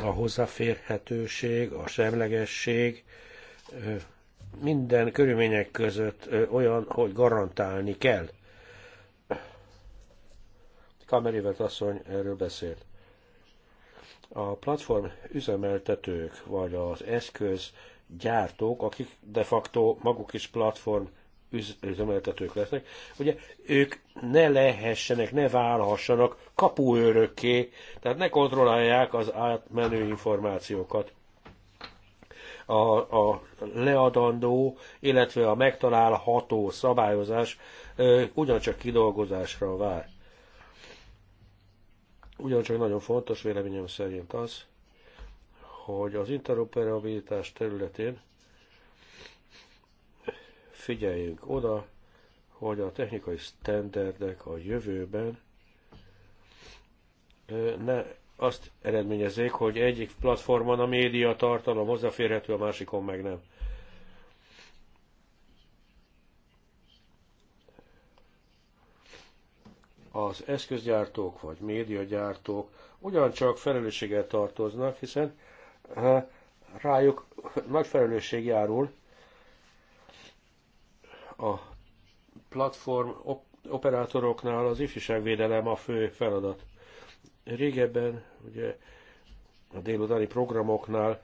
a hozzáférhetőség, a semlegesség minden körülmények között olyan, hogy garantálni kell. Kamerivet asszony erről beszélt. A platform üzemeltetők, vagy az eszköz gyártók, akik de facto maguk is platform üzemeltetők lesznek, ugye ők ne lehessenek, ne válhassanak kapuőrökké, tehát ne kontrollálják az átmenő információkat a, a leadandó, illetve a megtalálható szabályozás ugyancsak kidolgozásra vár. Ugyancsak nagyon fontos véleményem szerint az, hogy az interoperabilitás területén figyeljünk oda, hogy a technikai standardek a jövőben ne azt eredményezzék, hogy egyik platformon a média tartalom hozzáférhető, a másikon meg nem. Az eszközgyártók vagy médiagyártók ugyancsak felelősséggel tartoznak, hiszen eh, rájuk nagy felelősség járul a platform operátoroknál az ifjúságvédelem a fő feladat Régebben ugye a délutáni programoknál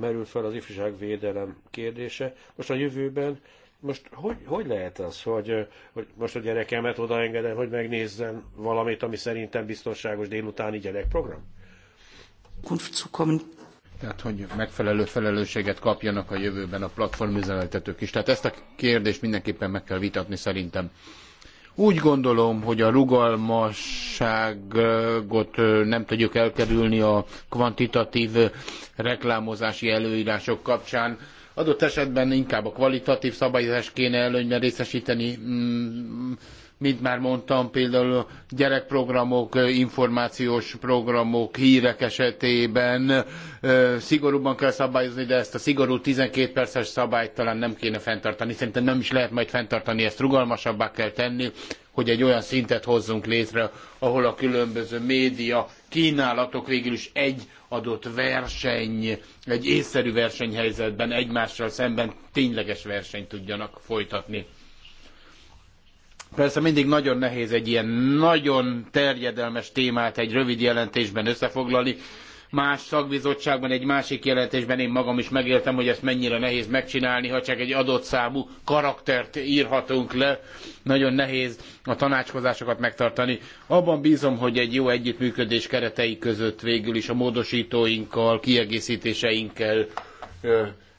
merül fel az ifjúságvédelem kérdése. Most a jövőben, most hogy, hogy lehet az, hogy, hogy most a gyerekemet odaengedem, hogy megnézzen valamit, ami szerintem biztonságos délutáni gyerekprogram? Tehát, hogy megfelelő felelősséget kapjanak a jövőben a platformüzemeltetők is. Tehát ezt a kérdést mindenképpen meg kell vitatni szerintem. Úgy gondolom, hogy a rugalmasságot nem tudjuk elkerülni a kvantitatív reklámozási előírások kapcsán. Adott esetben inkább a kvalitatív szabályozást kéne előnyben részesíteni. Mm, mint már mondtam, például gyerekprogramok, információs programok, hírek esetében szigorúban kell szabályozni, de ezt a szigorú 12 perces szabályt talán nem kéne fenntartani. Szerintem nem is lehet majd fenntartani, ezt rugalmasabbá kell tenni, hogy egy olyan szintet hozzunk létre, ahol a különböző média kínálatok végül is egy adott verseny, egy észszerű versenyhelyzetben egymással szemben tényleges versenyt tudjanak folytatni. Persze mindig nagyon nehéz egy ilyen nagyon terjedelmes témát egy rövid jelentésben összefoglalni. Más szakbizottságban, egy másik jelentésben én magam is megértem, hogy ezt mennyire nehéz megcsinálni, ha csak egy adott számú karaktert írhatunk le. Nagyon nehéz a tanácskozásokat megtartani. Abban bízom, hogy egy jó együttműködés keretei között végül is a módosítóinkkal, kiegészítéseinkkel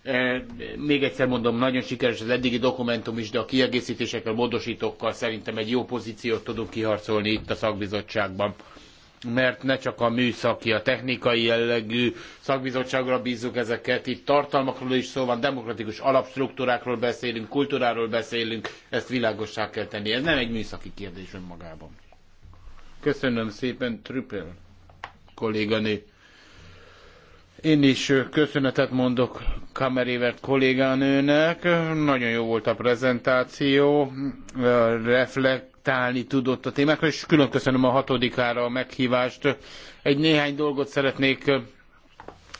E, még egyszer mondom, nagyon sikeres az eddigi dokumentum is, de a kiegészítésekkel, módosítókkal szerintem egy jó pozíciót tudunk kiharcolni itt a szakbizottságban mert ne csak a műszaki, a technikai jellegű szakbizottságra bízzuk ezeket, itt tartalmakról is szó van, demokratikus alapstruktúrákról beszélünk, kultúráról beszélünk, ezt világossá kell tenni. Ez nem egy műszaki kérdés önmagában. Köszönöm szépen, Trüppel kolléganő. Én is köszönetet mondok Kamerévert kolléganőnek. Nagyon jó volt a prezentáció, reflektálni tudott a témákra, és külön köszönöm a hatodikára a meghívást. Egy néhány dolgot szeretnék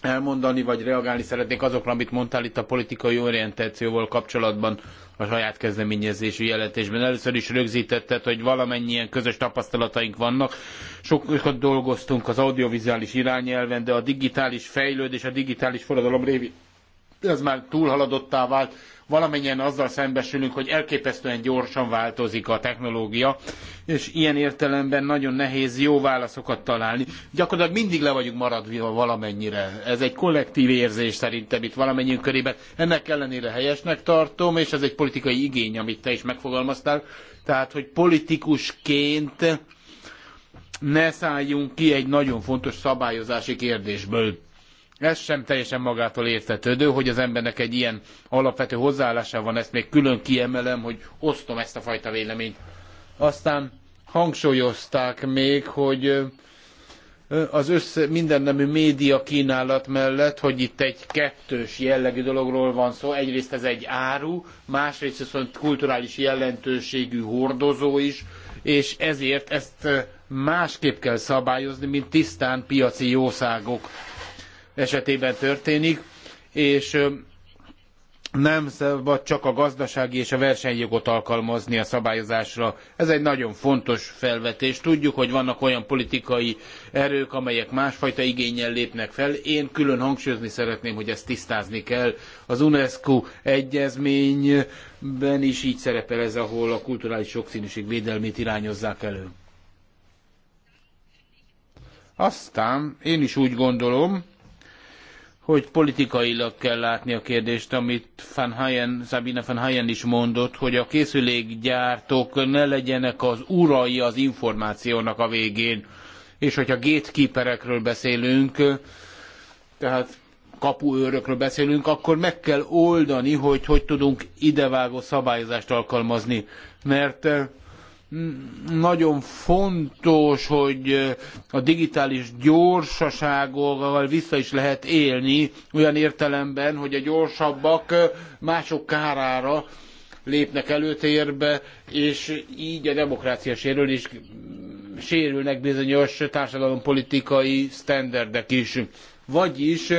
elmondani, vagy reagálni szeretnék azokra, amit mondtál itt a politikai orientációval kapcsolatban a saját kezdeményezésű jelentésben. Először is rögzítetted, hogy valamennyien közös tapasztalataink vannak. Sokat dolgoztunk az audiovizuális irányelven, de a digitális fejlődés, a digitális forradalom révén ez már túlhaladottá vált, valamennyien azzal szembesülünk, hogy elképesztően gyorsan változik a technológia, és ilyen értelemben nagyon nehéz jó válaszokat találni. Gyakorlatilag mindig le vagyunk maradva valamennyire. Ez egy kollektív érzés szerintem itt valamennyi körében. Ennek ellenére helyesnek tartom, és ez egy politikai igény, amit te is megfogalmaztál. Tehát, hogy politikusként ne szálljunk ki egy nagyon fontos szabályozási kérdésből ez sem teljesen magától értetődő, hogy az embernek egy ilyen alapvető hozzáállása van, ezt még külön kiemelem, hogy osztom ezt a fajta véleményt. Aztán hangsúlyozták még, hogy az össze, mindennemű média kínálat mellett, hogy itt egy kettős jellegű dologról van szó. Egyrészt ez egy áru, másrészt viszont kulturális jelentőségű hordozó is, és ezért ezt másképp kell szabályozni, mint tisztán piaci jószágok esetében történik, és nem szabad csak a gazdasági és a versenyjogot alkalmazni a szabályozásra. Ez egy nagyon fontos felvetés. Tudjuk, hogy vannak olyan politikai erők, amelyek másfajta igényel lépnek fel. Én külön hangsúlyozni szeretném, hogy ezt tisztázni kell. Az UNESCO egyezményben is így szerepel ez, ahol a kulturális sokszínűség védelmét irányozzák elő. Aztán én is úgy gondolom, hogy politikailag kell látni a kérdést, amit van Hayen, Sabina van Hayen is mondott, hogy a készülékgyártók ne legyenek az urai az információnak a végén. És hogyha gatekeeperekről beszélünk, tehát kapuőrökről beszélünk, akkor meg kell oldani, hogy hogy tudunk idevágó szabályozást alkalmazni. Mert eh, nagyon fontos, hogy a digitális gyorsasággal vissza is lehet élni, olyan értelemben, hogy a gyorsabbak mások kárára lépnek előtérbe, és így a demokrácia sérül, és sérülnek bizonyos társadalompolitikai sztenderdek is. Vagyis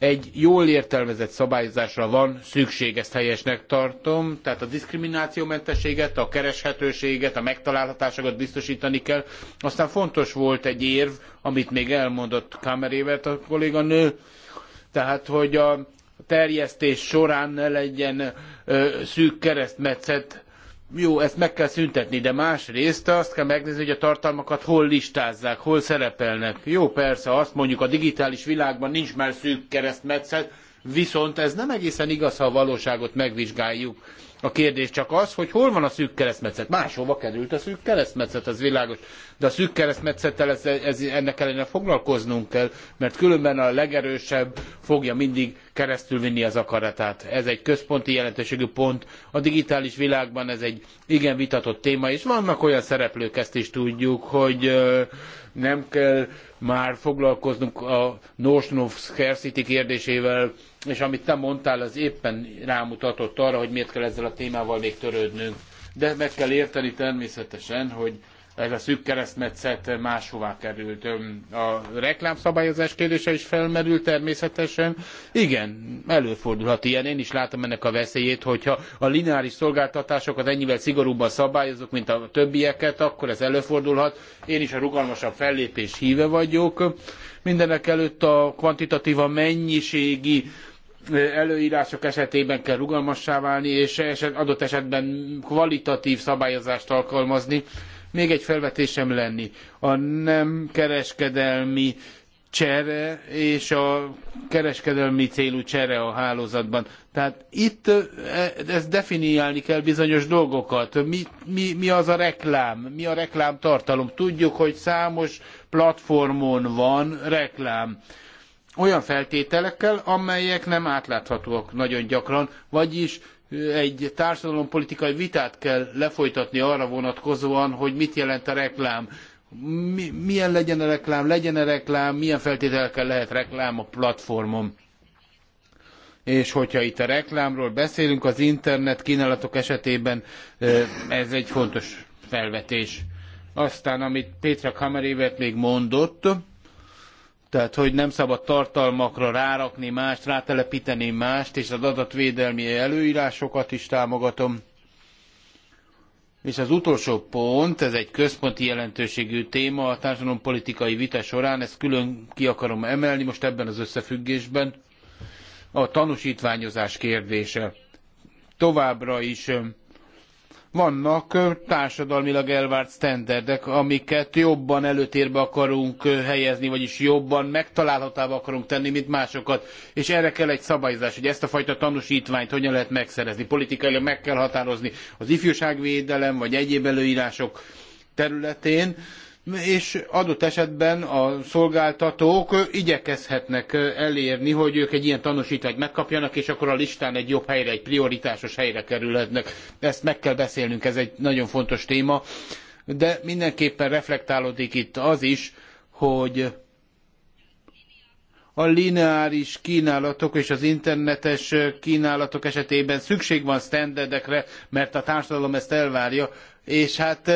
egy jól értelmezett szabályozásra van szükség, ezt helyesnek tartom, tehát a diszkriminációmentességet, a kereshetőséget, a megtalálhatóságot biztosítani kell. Aztán fontos volt egy érv, amit még elmondott évert a kolléganő, tehát hogy a terjesztés során ne legyen szűk keresztmetszet, jó, ezt meg kell szüntetni, de másrészt azt kell megnézni, hogy a tartalmakat hol listázzák, hol szerepelnek. Jó, persze, azt mondjuk a digitális világban nincs már szűk keresztmetszet, viszont ez nem egészen igaz, ha a valóságot megvizsgáljuk a kérdés csak az, hogy hol van a szűk keresztmetszet. Máshova került a szűk keresztmetszet, ez világos. De a szűk keresztmetszettel ez, ez, ennek ellenére foglalkoznunk kell, mert különben a legerősebb fogja mindig keresztülvinni az akaratát. Ez egy központi jelentőségű pont. A digitális világban ez egy igen vitatott téma, és vannak olyan szereplők, ezt is tudjuk, hogy nem kell már foglalkoznunk a notion of scarcity kérdésével, és amit te mondtál, az éppen rámutatott arra, hogy miért kell ezzel a témával még törődnünk. De meg kell érteni természetesen, hogy ez a szűk keresztmetszet máshová került. A reklámszabályozás kérdése is felmerült természetesen. Igen, előfordulhat ilyen. Én is látom ennek a veszélyét, hogyha a lineáris szolgáltatásokat ennyivel szigorúbban szabályozok, mint a többieket, akkor ez előfordulhat. Én is a rugalmasabb fellépés híve vagyok. Mindenek előtt a kvantitatíva mennyiségi előírások esetében kell rugalmassá válni, és adott esetben kvalitatív szabályozást alkalmazni. Még egy felvetésem lenni. A nem kereskedelmi csere és a kereskedelmi célú csere a hálózatban. Tehát itt e, ezt definiálni kell bizonyos dolgokat. Mi, mi, mi az a reklám? Mi a reklám tartalom? Tudjuk, hogy számos platformon van reklám olyan feltételekkel, amelyek nem átláthatóak nagyon gyakran, vagyis egy társadalompolitikai vitát kell lefolytatni arra vonatkozóan, hogy mit jelent a reklám, mi, milyen legyen a reklám, legyen a reklám, milyen feltételekkel lehet reklám a platformon. És hogyha itt a reklámról beszélünk, az internet kínálatok esetében ez egy fontos felvetés. Aztán, amit Pétra Kamerévet még mondott, tehát, hogy nem szabad tartalmakra rárakni mást, rátelepíteni mást, és az adatvédelmi előírásokat is támogatom. És az utolsó pont, ez egy központi jelentőségű téma a társadalompolitikai vita során, ezt külön ki akarom emelni most ebben az összefüggésben, a tanúsítványozás kérdése. Továbbra is vannak társadalmilag elvárt sztenderdek, amiket jobban előtérbe akarunk helyezni, vagyis jobban megtalálhatóvá akarunk tenni, mint másokat. És erre kell egy szabályzás, hogy ezt a fajta tanúsítványt hogyan lehet megszerezni. Politikailag meg kell határozni az ifjúságvédelem, vagy egyéb előírások területén és adott esetben a szolgáltatók igyekezhetnek elérni, hogy ők egy ilyen tanúsítványt megkapjanak, és akkor a listán egy jobb helyre, egy prioritásos helyre kerülhetnek. Ezt meg kell beszélnünk, ez egy nagyon fontos téma, de mindenképpen reflektálódik itt az is, hogy a lineáris kínálatok és az internetes kínálatok esetében szükség van standardekre, mert a társadalom ezt elvárja, és hát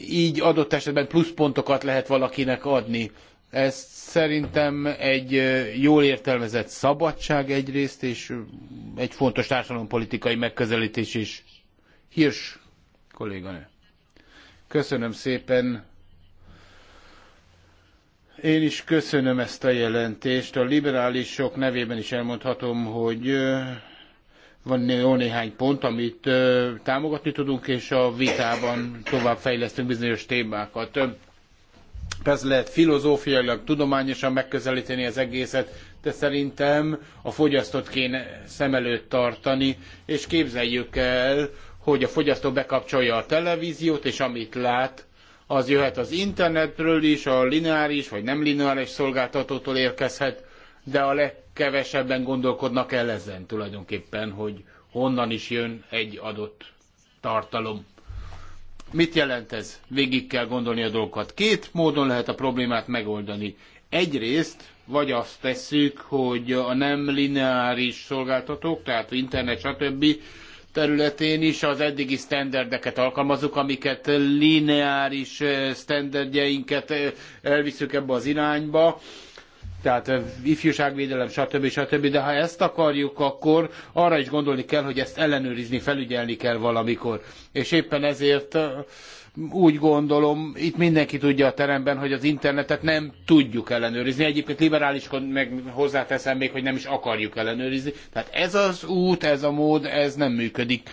így adott esetben pluszpontokat lehet valakinek adni. Ez szerintem egy jól értelmezett szabadság egyrészt, és egy fontos társadalompolitikai megközelítés is. Hirs kolléganő. Köszönöm szépen. Én is köszönöm ezt a jelentést. A liberálisok nevében is elmondhatom, hogy van jó néhány pont, amit ö, támogatni tudunk, és a vitában tovább fejlesztünk bizonyos témákat. Persze lehet filozófiailag, tudományosan megközelíteni az egészet, de szerintem a fogyasztót kéne szem előtt tartani, és képzeljük el, hogy a fogyasztó bekapcsolja a televíziót, és amit lát, az jöhet az internetről is, a lineáris vagy nem lineáris szolgáltatótól érkezhet, de a legkevesebben gondolkodnak el ezen tulajdonképpen, hogy honnan is jön egy adott tartalom. Mit jelent ez? Végig kell gondolni a dolgokat. Két módon lehet a problémát megoldani. Egyrészt vagy azt tesszük, hogy a nem lineáris szolgáltatók, tehát internet, stb. területén is az eddigi standardeket alkalmazunk, amiket lineáris standardjeinket eh, elviszük ebbe az irányba, tehát ifjúságvédelem, stb. stb. De ha ezt akarjuk, akkor arra is gondolni kell, hogy ezt ellenőrizni, felügyelni kell valamikor. És éppen ezért úgy gondolom, itt mindenki tudja a teremben, hogy az internetet nem tudjuk ellenőrizni. Egyébként liberáliskon meg hozzáteszem még, hogy nem is akarjuk ellenőrizni. Tehát ez az út, ez a mód, ez nem működik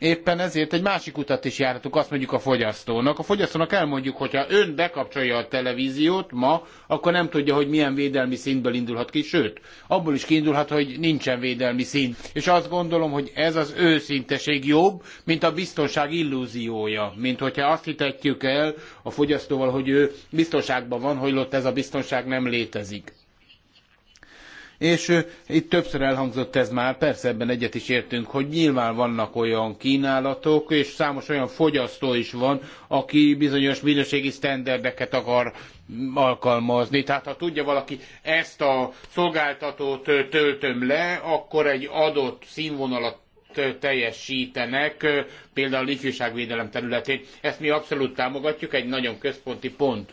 Éppen ezért egy másik utat is járhatunk, azt mondjuk a fogyasztónak. A fogyasztónak elmondjuk, hogy ha ön bekapcsolja a televíziót ma, akkor nem tudja, hogy milyen védelmi szintből indulhat ki, sőt, abból is kiindulhat, hogy nincsen védelmi szint. És azt gondolom, hogy ez az őszinteség jobb, mint a biztonság illúziója. Mint hogyha azt hitetjük el a fogyasztóval, hogy ő biztonságban van, holott ez a biztonság nem létezik. És itt többször elhangzott ez már, persze ebben egyet is értünk, hogy nyilván vannak olyan kínálatok, és számos olyan fogyasztó is van, aki bizonyos minőségi sztenderdeket akar alkalmazni. Tehát ha tudja valaki ezt a szolgáltatót töltöm le, akkor egy adott színvonalat teljesítenek, például ifjúságvédelem területén. Ezt mi abszolút támogatjuk, egy nagyon központi pont.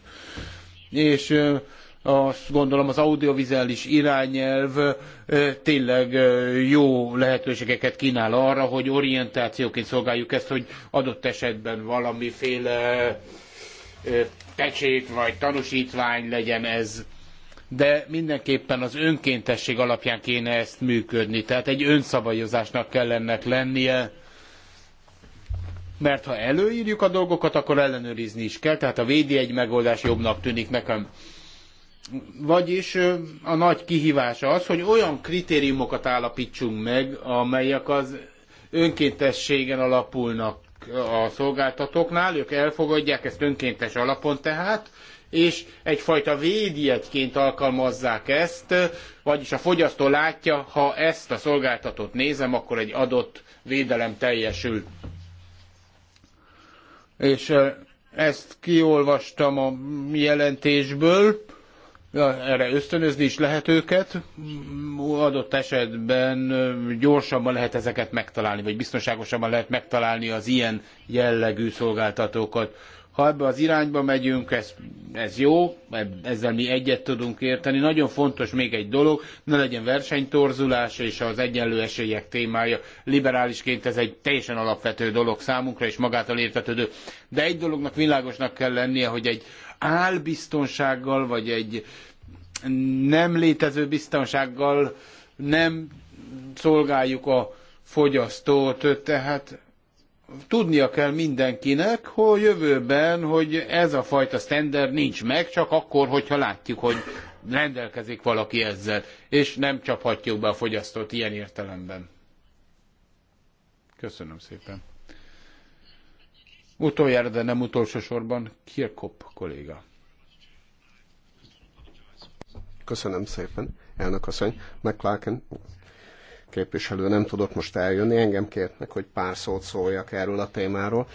És azt gondolom az audiovizuális irányelv tényleg jó lehetőségeket kínál arra, hogy orientációként szolgáljuk ezt, hogy adott esetben valamiféle pecsét vagy tanúsítvány legyen ez de mindenképpen az önkéntesség alapján kéne ezt működni. Tehát egy önszabályozásnak kell ennek lennie, mert ha előírjuk a dolgokat, akkor ellenőrizni is kell, tehát a védi egy megoldás jobbnak tűnik nekem. Vagyis a nagy kihívás az, hogy olyan kritériumokat állapítsunk meg, amelyek az önkéntességen alapulnak a szolgáltatóknál, ők elfogadják ezt önkéntes alapon tehát, és egyfajta védjegyként alkalmazzák ezt, vagyis a fogyasztó látja, ha ezt a szolgáltatót nézem, akkor egy adott védelem teljesül. És ezt kiolvastam a jelentésből, erre ösztönözni is lehet őket, adott esetben gyorsabban lehet ezeket megtalálni, vagy biztonságosabban lehet megtalálni az ilyen jellegű szolgáltatókat. Ha ebbe az irányba megyünk, ez, ez jó, ezzel mi egyet tudunk érteni. Nagyon fontos még egy dolog, ne legyen versenytorzulás és az egyenlő esélyek témája. Liberálisként ez egy teljesen alapvető dolog számunkra, és magától értetődő. De egy dolognak világosnak kell lennie, hogy egy álbiztonsággal, vagy egy nem létező biztonsággal nem szolgáljuk a fogyasztót. Tehát tudnia kell mindenkinek, hogy jövőben, hogy ez a fajta standard nincs meg, csak akkor, hogyha látjuk, hogy rendelkezik valaki ezzel, és nem csaphatjuk be a fogyasztót ilyen értelemben. Köszönöm szépen. Utoljára, de nem utolsó sorban, Kirkop kolléga. Köszönöm szépen, elnök asszony. McLaren képviselő nem tudott most eljönni, engem kértnek, hogy pár szót szóljak erről a témáról.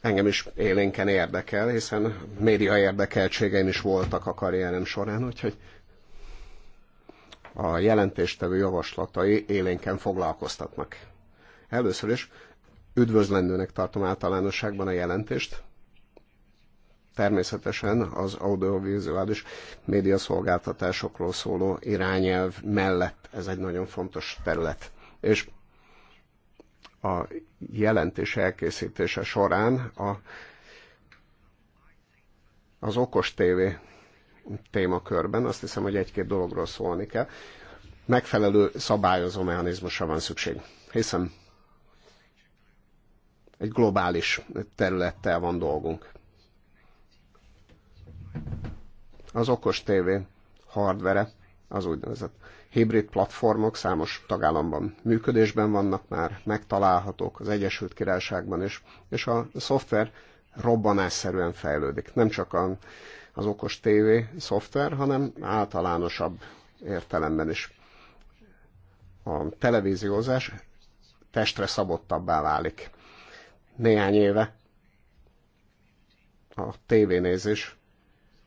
Engem is élénken érdekel, hiszen média érdekeltségeim is voltak a karrierem során, úgyhogy a jelentéstevő javaslatai élénken foglalkoztatnak. Először is Üdvözlendőnek tartom általánosságban a jelentést. Természetesen az audiovizuális médiaszolgáltatásokról szóló irányelv mellett ez egy nagyon fontos terület. És a jelentés elkészítése során a, az okos tévé témakörben, azt hiszem, hogy egy-két dologról szólni kell, megfelelő szabályozó mechanizmusra van szükség. Hiszen egy globális területtel van dolgunk. Az okos tévé hardvere, az úgynevezett hibrid platformok számos tagállamban működésben vannak már, megtalálhatók az Egyesült Királyságban is, és a szoftver robbanásszerűen fejlődik. Nem csak a, az okos tévé szoftver, hanem általánosabb értelemben is. A televíziózás testre szabottabbá válik néhány éve a tévénézés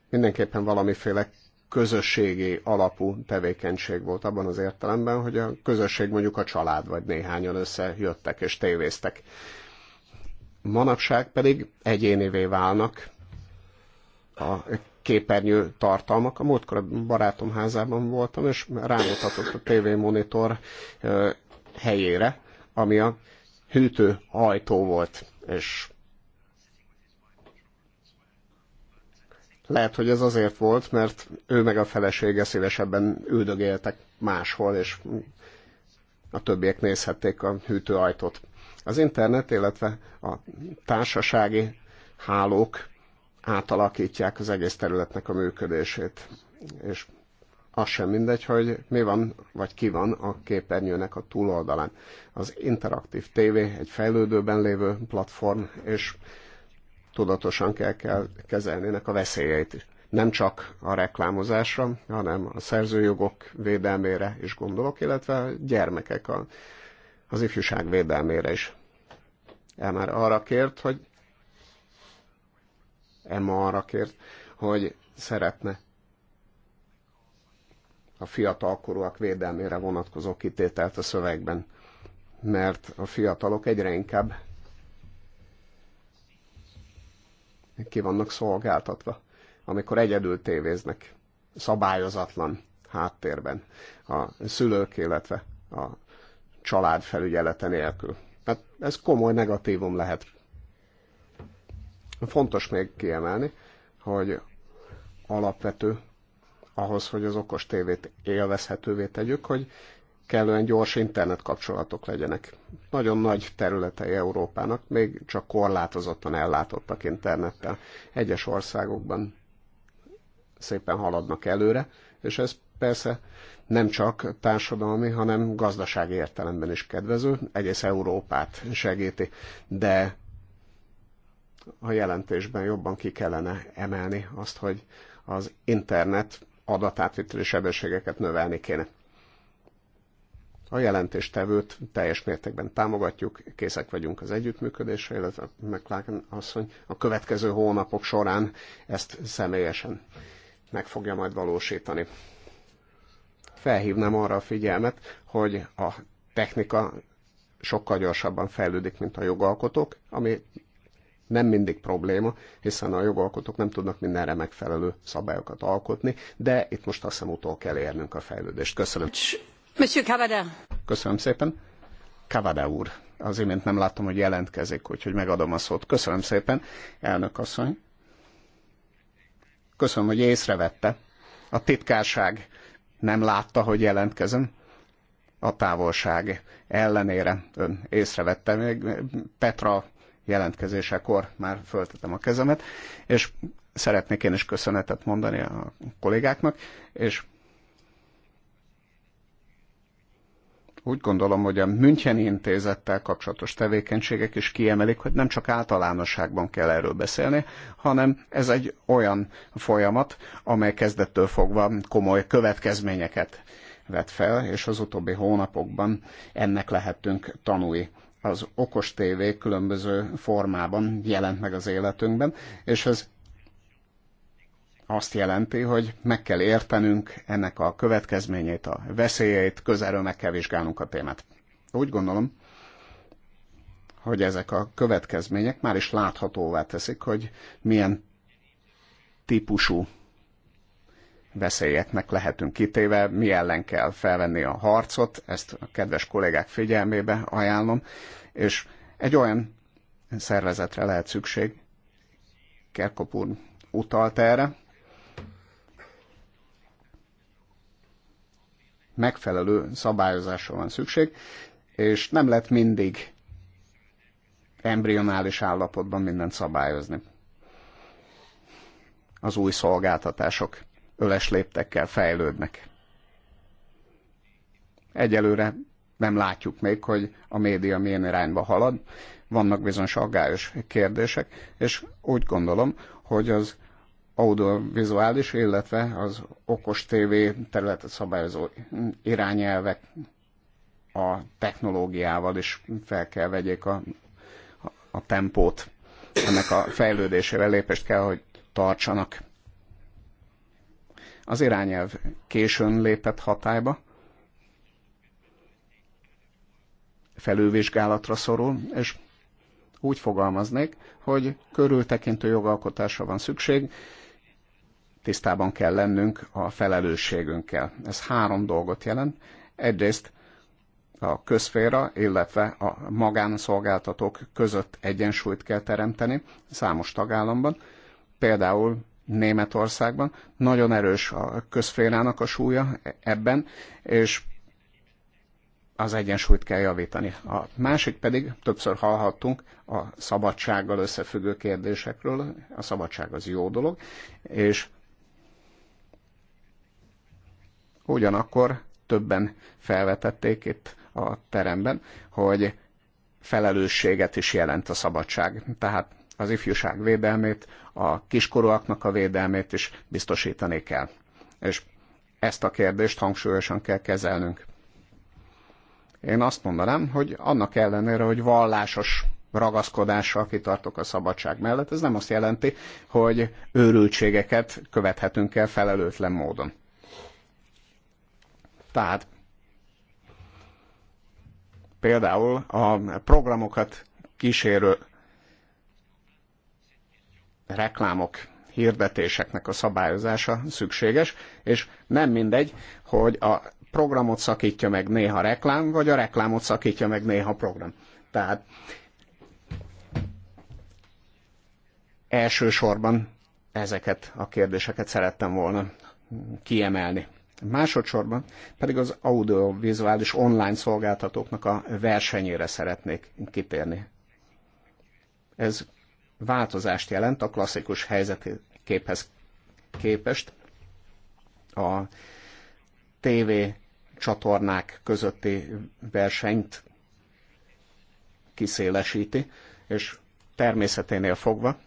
mindenképpen valamiféle közösségi alapú tevékenység volt abban az értelemben, hogy a közösség mondjuk a család vagy néhányan összejöttek és tévéztek. Manapság pedig egyénévé válnak a képernyő tartalmak. A múltkor a barátom házában voltam, és rámutatott a tévémonitor helyére, ami a hűtő ajtó volt, és lehet, hogy ez azért volt, mert ő meg a felesége szívesebben üldögéltek máshol, és a többiek nézhették a hűtőajtót. Az internet, illetve a társasági hálók átalakítják az egész területnek a működését, és az sem mindegy, hogy mi van, vagy ki van a képernyőnek a túloldalán. Az interaktív TV egy fejlődőben lévő platform, és tudatosan kell, kell kezelnének a veszélyeit is. Nem csak a reklámozásra, hanem a szerzőjogok védelmére is gondolok, illetve a gyermekek a, az ifjúság védelmére is. El már arra kért, hogy Emma arra kért, hogy szeretne a fiatalkorúak védelmére vonatkozó kitételt a szövegben, mert a fiatalok egyre inkább ki vannak szolgáltatva, amikor egyedül tévéznek, szabályozatlan háttérben, a szülők, illetve a család felügyelete nélkül. Hát ez komoly negatívum lehet. Fontos még kiemelni, hogy alapvető ahhoz, hogy az okos tévét élvezhetővé tegyük, hogy kellően gyors internet kapcsolatok legyenek. Nagyon nagy területei Európának még csak korlátozottan ellátottak internettel. Egyes országokban szépen haladnak előre, és ez persze nem csak társadalmi, hanem gazdasági értelemben is kedvező, egész Európát segíti, de a jelentésben jobban ki kellene emelni azt, hogy az internet adatátviteli sebességeket növelni kéne. A jelentéstevőt teljes mértékben támogatjuk, készek vagyunk az együttműködésre, illetve McLaren asszony a következő hónapok során ezt személyesen meg fogja majd valósítani. Felhívnám arra a figyelmet, hogy a technika sokkal gyorsabban fejlődik, mint a jogalkotók, ami nem mindig probléma, hiszen a jogalkotók nem tudnak mindenre megfelelő szabályokat alkotni, de itt most azt hiszem utól kell érnünk a fejlődést. Köszönöm. Monsieur Cavada. Köszönöm szépen. Cavada úr, az imént nem láttam, hogy jelentkezik, úgyhogy megadom a szót. Köszönöm szépen, elnök asszony. Köszönöm, hogy észrevette. A titkárság nem látta, hogy jelentkezem a távolság ellenére ön észrevette. Még Petra jelentkezésekor már föltettem a kezemet, és szeretnék én is köszönetet mondani a kollégáknak, és úgy gondolom, hogy a Müncheni intézettel kapcsolatos tevékenységek is kiemelik, hogy nem csak általánosságban kell erről beszélni, hanem ez egy olyan folyamat, amely kezdettől fogva komoly következményeket vett fel, és az utóbbi hónapokban ennek lehetünk tanúi az okos tévé különböző formában jelent meg az életünkben, és ez azt jelenti, hogy meg kell értenünk ennek a következményét, a veszélyeit, közelről meg kell vizsgálnunk a témát. Úgy gondolom, hogy ezek a következmények már is láthatóvá teszik, hogy milyen típusú veszélyeknek lehetünk kitéve, mi ellen kell felvenni a harcot, ezt a kedves kollégák figyelmébe ajánlom, és egy olyan szervezetre lehet szükség, Kerkop úr utalt erre, megfelelő szabályozásra van szükség, és nem lehet mindig embrionális állapotban mindent szabályozni. Az új szolgáltatások öles léptekkel fejlődnek. Egyelőre nem látjuk még, hogy a média milyen irányba halad, vannak bizonyos aggályos kérdések, és úgy gondolom, hogy az audiovizuális, illetve az okos tévé területet szabályozó irányelvek a technológiával is fel kell vegyék a, a tempót. Ennek a fejlődésével lépést kell, hogy tartsanak. Az irányelv későn lépett hatályba, felülvizsgálatra szorul, és úgy fogalmaznék, hogy körültekintő jogalkotásra van szükség, tisztában kell lennünk a felelősségünkkel. Ez három dolgot jelent. Egyrészt a közféra, illetve a magánszolgáltatók között egyensúlyt kell teremteni számos tagállamban. Például Németországban. Nagyon erős a közférának a súlya ebben, és az egyensúlyt kell javítani. A másik pedig, többször hallhattunk, a szabadsággal összefüggő kérdésekről. A szabadság az jó dolog, és ugyanakkor többen felvetették itt a teremben, hogy felelősséget is jelent a szabadság. Tehát az ifjúság védelmét, a kiskorúaknak a védelmét is biztosítani kell. És ezt a kérdést hangsúlyosan kell kezelnünk. Én azt mondanám, hogy annak ellenére, hogy vallásos ragaszkodással kitartok a szabadság mellett, ez nem azt jelenti, hogy őrültségeket követhetünk el felelőtlen módon. Tehát például a programokat kísérő reklámok, hirdetéseknek a szabályozása szükséges, és nem mindegy, hogy a programot szakítja meg néha reklám, vagy a reklámot szakítja meg néha program. Tehát elsősorban ezeket a kérdéseket szerettem volna kiemelni. Másodszorban pedig az audiovizuális online szolgáltatóknak a versenyére szeretnék kitérni. Ez változást jelent a klasszikus helyzetképhez képest a TV csatornák közötti versenyt kiszélesíti, és természeténél fogva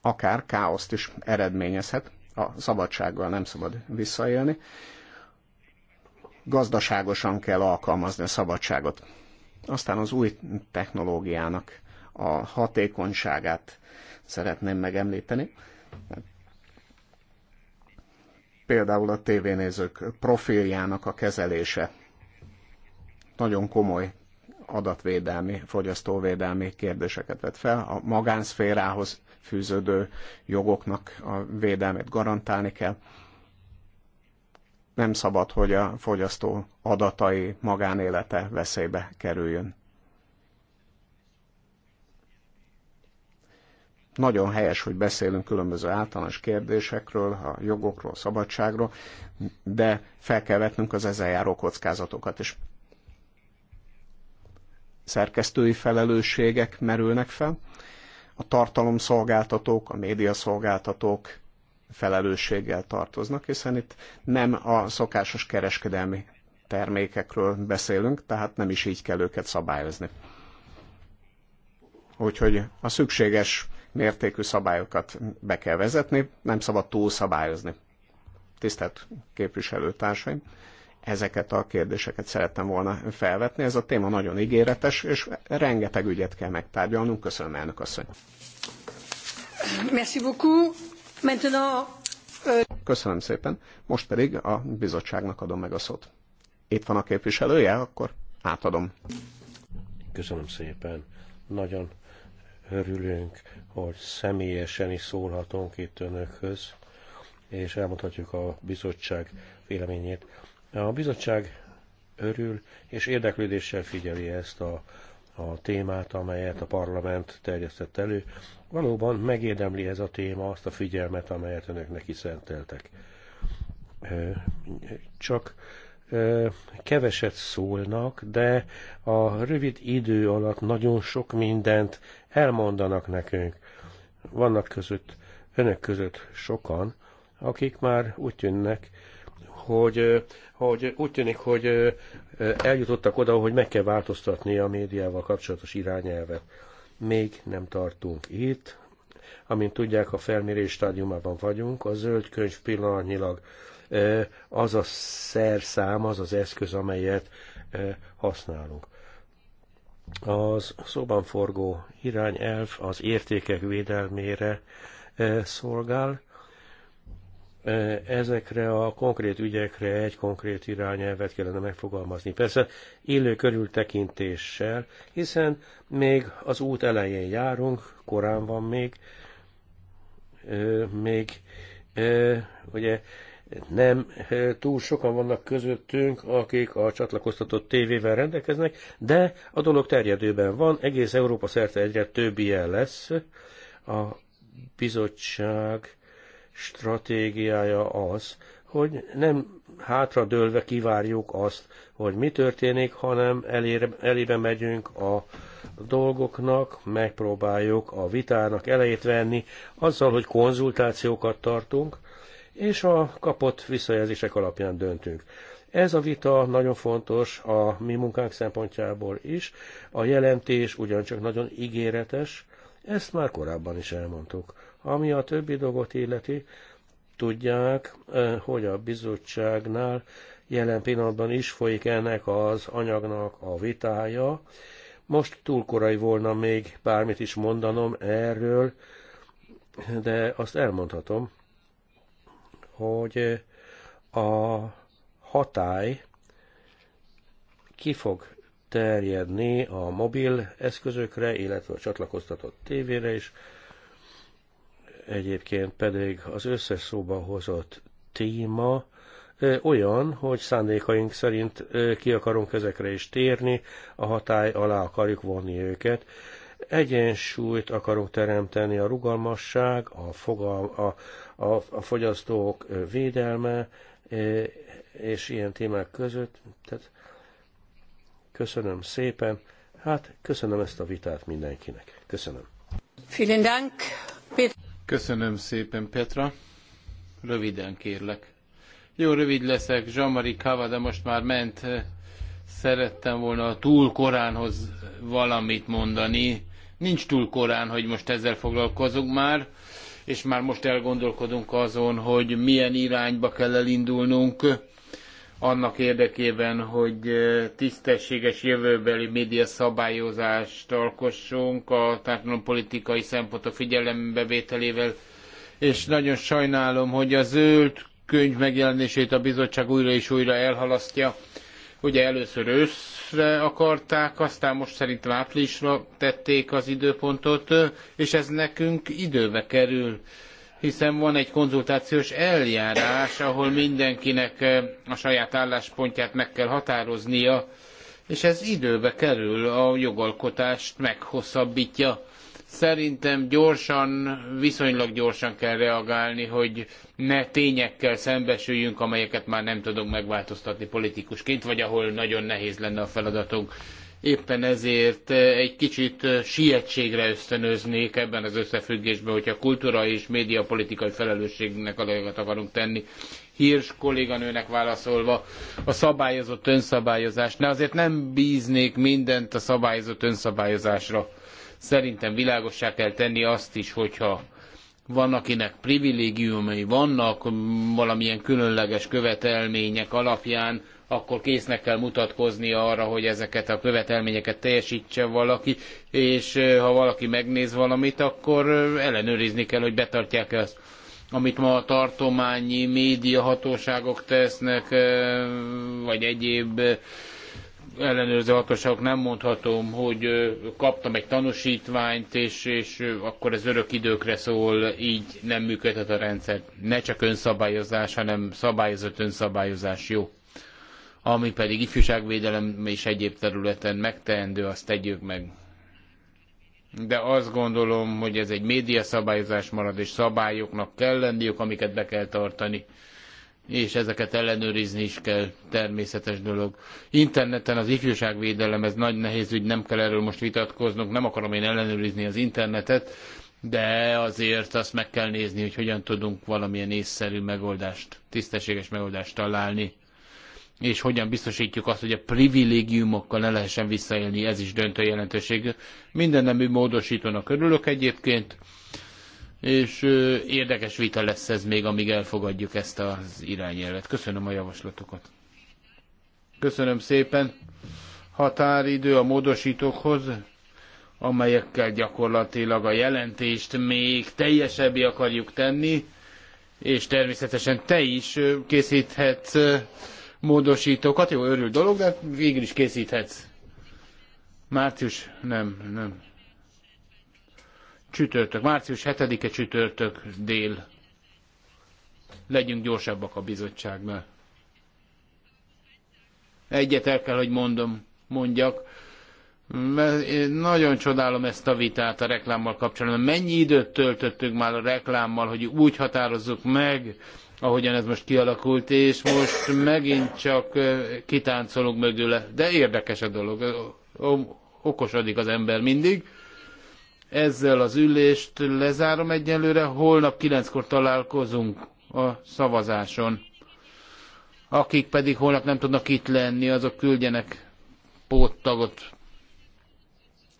akár káoszt is eredményezhet, a szabadsággal nem szabad visszaélni. Gazdaságosan kell alkalmazni a szabadságot. Aztán az új technológiának a hatékonyságát szeretném megemlíteni. Például a tévénézők profiljának a kezelése nagyon komoly adatvédelmi, fogyasztóvédelmi kérdéseket vet fel. A magánszférához fűződő jogoknak a védelmét garantálni kell. Nem szabad, hogy a fogyasztó adatai magánélete veszélybe kerüljön. Nagyon helyes, hogy beszélünk különböző általános kérdésekről, a jogokról, a szabadságról, de fel kell vetnünk az ezzel járó kockázatokat és Szerkesztői felelősségek merülnek fel, a tartalomszolgáltatók, a médiaszolgáltatók felelősséggel tartoznak, hiszen itt nem a szokásos kereskedelmi termékekről beszélünk, tehát nem is így kell őket szabályozni. Úgyhogy a szükséges mértékű szabályokat be kell vezetni, nem szabad túlszabályozni. Tisztelt képviselőtársaim, ezeket a kérdéseket szerettem volna felvetni. Ez a téma nagyon ígéretes, és rengeteg ügyet kell megtárgyalnunk. Köszönöm, elnök asszony. Merci beaucoup. Maintenant... Euh, Köszönöm szépen. Most pedig a bizottságnak adom meg a szót. Itt van a képviselője, akkor átadom. Köszönöm szépen. Nagyon örülünk, hogy személyesen is szólhatunk itt önökhöz, és elmondhatjuk a bizottság véleményét. A bizottság örül, és érdeklődéssel figyeli ezt a, a témát, amelyet a parlament terjesztett elő. Valóban megérdemli ez a téma azt a figyelmet, amelyet önöknek is szenteltek. Csak keveset szólnak, de a rövid idő alatt nagyon sok mindent elmondanak nekünk. Vannak között, önök között sokan, akik már úgy tűnnek, hogy, hogy úgy tűnik, hogy eljutottak oda, hogy meg kell változtatni a médiával kapcsolatos irányelvet. Még nem tartunk itt, Amint tudják, a felmérés stádiumában vagyunk. A zöld könyv pillanatnyilag az a szerszám, az az eszköz, amelyet használunk. Az szóban forgó irányelv az értékek védelmére szolgál. Ezekre a konkrét ügyekre egy konkrét irányelvet kellene megfogalmazni. Persze illő körültekintéssel, hiszen még az út elején járunk, korán van még, még ugye nem túl sokan vannak közöttünk, akik a csatlakoztatott tévével rendelkeznek, de a dolog terjedőben van, egész Európa szerte egyre több ilyen lesz. A bizottság stratégiája az, hogy nem hátradőlve kivárjuk azt, hogy mi történik, hanem elére, elébe megyünk a dolgoknak, megpróbáljuk a vitának elejét venni, azzal, hogy konzultációkat tartunk, és a kapott visszajelzések alapján döntünk. Ez a vita nagyon fontos a mi munkánk szempontjából is. A jelentés ugyancsak nagyon ígéretes, ezt már korábban is elmondtuk. Ami a többi dolgot illeti, tudják, eh, hogy a bizottságnál jelen pillanatban is folyik ennek az anyagnak a vitája. Most túl korai volna még bármit is mondanom erről, de azt elmondhatom, hogy eh, a hatály ki fog terjedni a mobil eszközökre, illetve a csatlakoztatott tévére is, egyébként pedig az összes szóba hozott téma olyan, hogy szándékaink szerint ki akarunk ezekre is térni, a hatály alá akarjuk vonni őket. Egyensúlyt akarunk teremteni a rugalmasság, a, fogal, a, a, a fogyasztók védelme és ilyen témák között. Tehát köszönöm szépen. Hát köszönöm ezt a vitát mindenkinek. Köszönöm. Vielen Dank. Köszönöm szépen, Petra. Röviden kérlek. Jó, rövid leszek. Jean-Marie de most már ment. Szerettem volna túl koránhoz valamit mondani. Nincs túl korán, hogy most ezzel foglalkozunk már, és már most elgondolkodunk azon, hogy milyen irányba kell elindulnunk annak érdekében, hogy tisztességes jövőbeli média szabályozást alkossunk a társadalompolitikai szempontok figyelembevételével, és nagyon sajnálom, hogy a zöld könyv megjelenését a bizottság újra és újra elhalasztja. Ugye először őszre akarták, aztán most szerintem áprilisra tették az időpontot, és ez nekünk időbe kerül hiszen van egy konzultációs eljárás, ahol mindenkinek eh, a saját álláspontját meg kell határoznia, és ez időbe kerül, a jogalkotást meghosszabbítja. Szerintem gyorsan, viszonylag gyorsan kell reagálni, hogy ne tényekkel szembesüljünk, amelyeket már nem tudunk megváltoztatni politikusként, vagy ahol nagyon nehéz lenne a feladatunk. Éppen ezért egy kicsit sietségre ösztönöznék ebben az összefüggésben, hogyha kultúra és médiapolitikai felelősségnek adatokat akarunk tenni. Hirsch kolléganőnek válaszolva, a szabályozott önszabályozás. Ne azért nem bíznék mindent a szabályozott önszabályozásra. Szerintem világossá kell tenni azt is, hogyha van, akinek privilégiumai vannak, valamilyen különleges követelmények alapján, akkor késznek kell mutatkozni arra, hogy ezeket a követelményeket teljesítse valaki, és ha valaki megnéz valamit, akkor ellenőrizni kell, hogy betartják-e azt amit ma a tartományi médiahatóságok tesznek, vagy egyéb ellenőrző hatóságok, nem mondhatom, hogy kaptam egy tanúsítványt, és, és akkor ez örök időkre szól, így nem működhet a rendszer. Ne csak önszabályozás, hanem szabályozott önszabályozás jó. Ami pedig ifjúságvédelem és egyéb területen megteendő, azt tegyük meg. De azt gondolom, hogy ez egy médiaszabályozás marad, és szabályoknak kell lenniük, amiket be kell tartani és ezeket ellenőrizni is kell, természetes dolog. Interneten az ifjúságvédelem, ez nagy nehéz ügy, nem kell erről most vitatkoznunk, nem akarom én ellenőrizni az internetet, de azért azt meg kell nézni, hogy hogyan tudunk valamilyen észszerű megoldást, tisztességes megoldást találni és hogyan biztosítjuk azt, hogy a privilégiumokkal ne lehessen visszaélni, ez is döntő jelentőség. Minden nemű módosítónak örülök egyébként, és érdekes vita lesz ez még, amíg elfogadjuk ezt az irányelvet. Köszönöm a javaslatokat. Köszönöm szépen. Határidő a módosítókhoz, amelyekkel gyakorlatilag a jelentést még teljesebbé akarjuk tenni, és természetesen te is készíthetsz módosítókat. Jó, örül dolog, de végül is készíthetsz. Március, nem, nem. Csütörtök, március 7-e csütörtök dél. Legyünk gyorsabbak a bizottságban. Egyet el kell, hogy mondom, mondjak. Mert én nagyon csodálom ezt a vitát a reklámmal kapcsolatban. Mennyi időt töltöttünk már a reklámmal, hogy úgy határozzuk meg, ahogyan ez most kialakult, és most megint csak kitáncolunk mögüle. De érdekes a dolog, okosodik az ember mindig. Ezzel az ülést lezárom egyelőre, holnap kilenckor találkozunk a szavazáson. Akik pedig holnap nem tudnak itt lenni, azok küldjenek póttagot.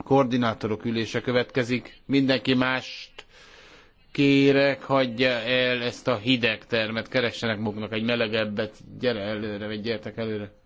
Koordinátorok ülése következik, mindenki mást kérek, hagyja el ezt a hideg termet, keressenek maguknak egy melegebbet, gyere előre, vagy gyertek előre.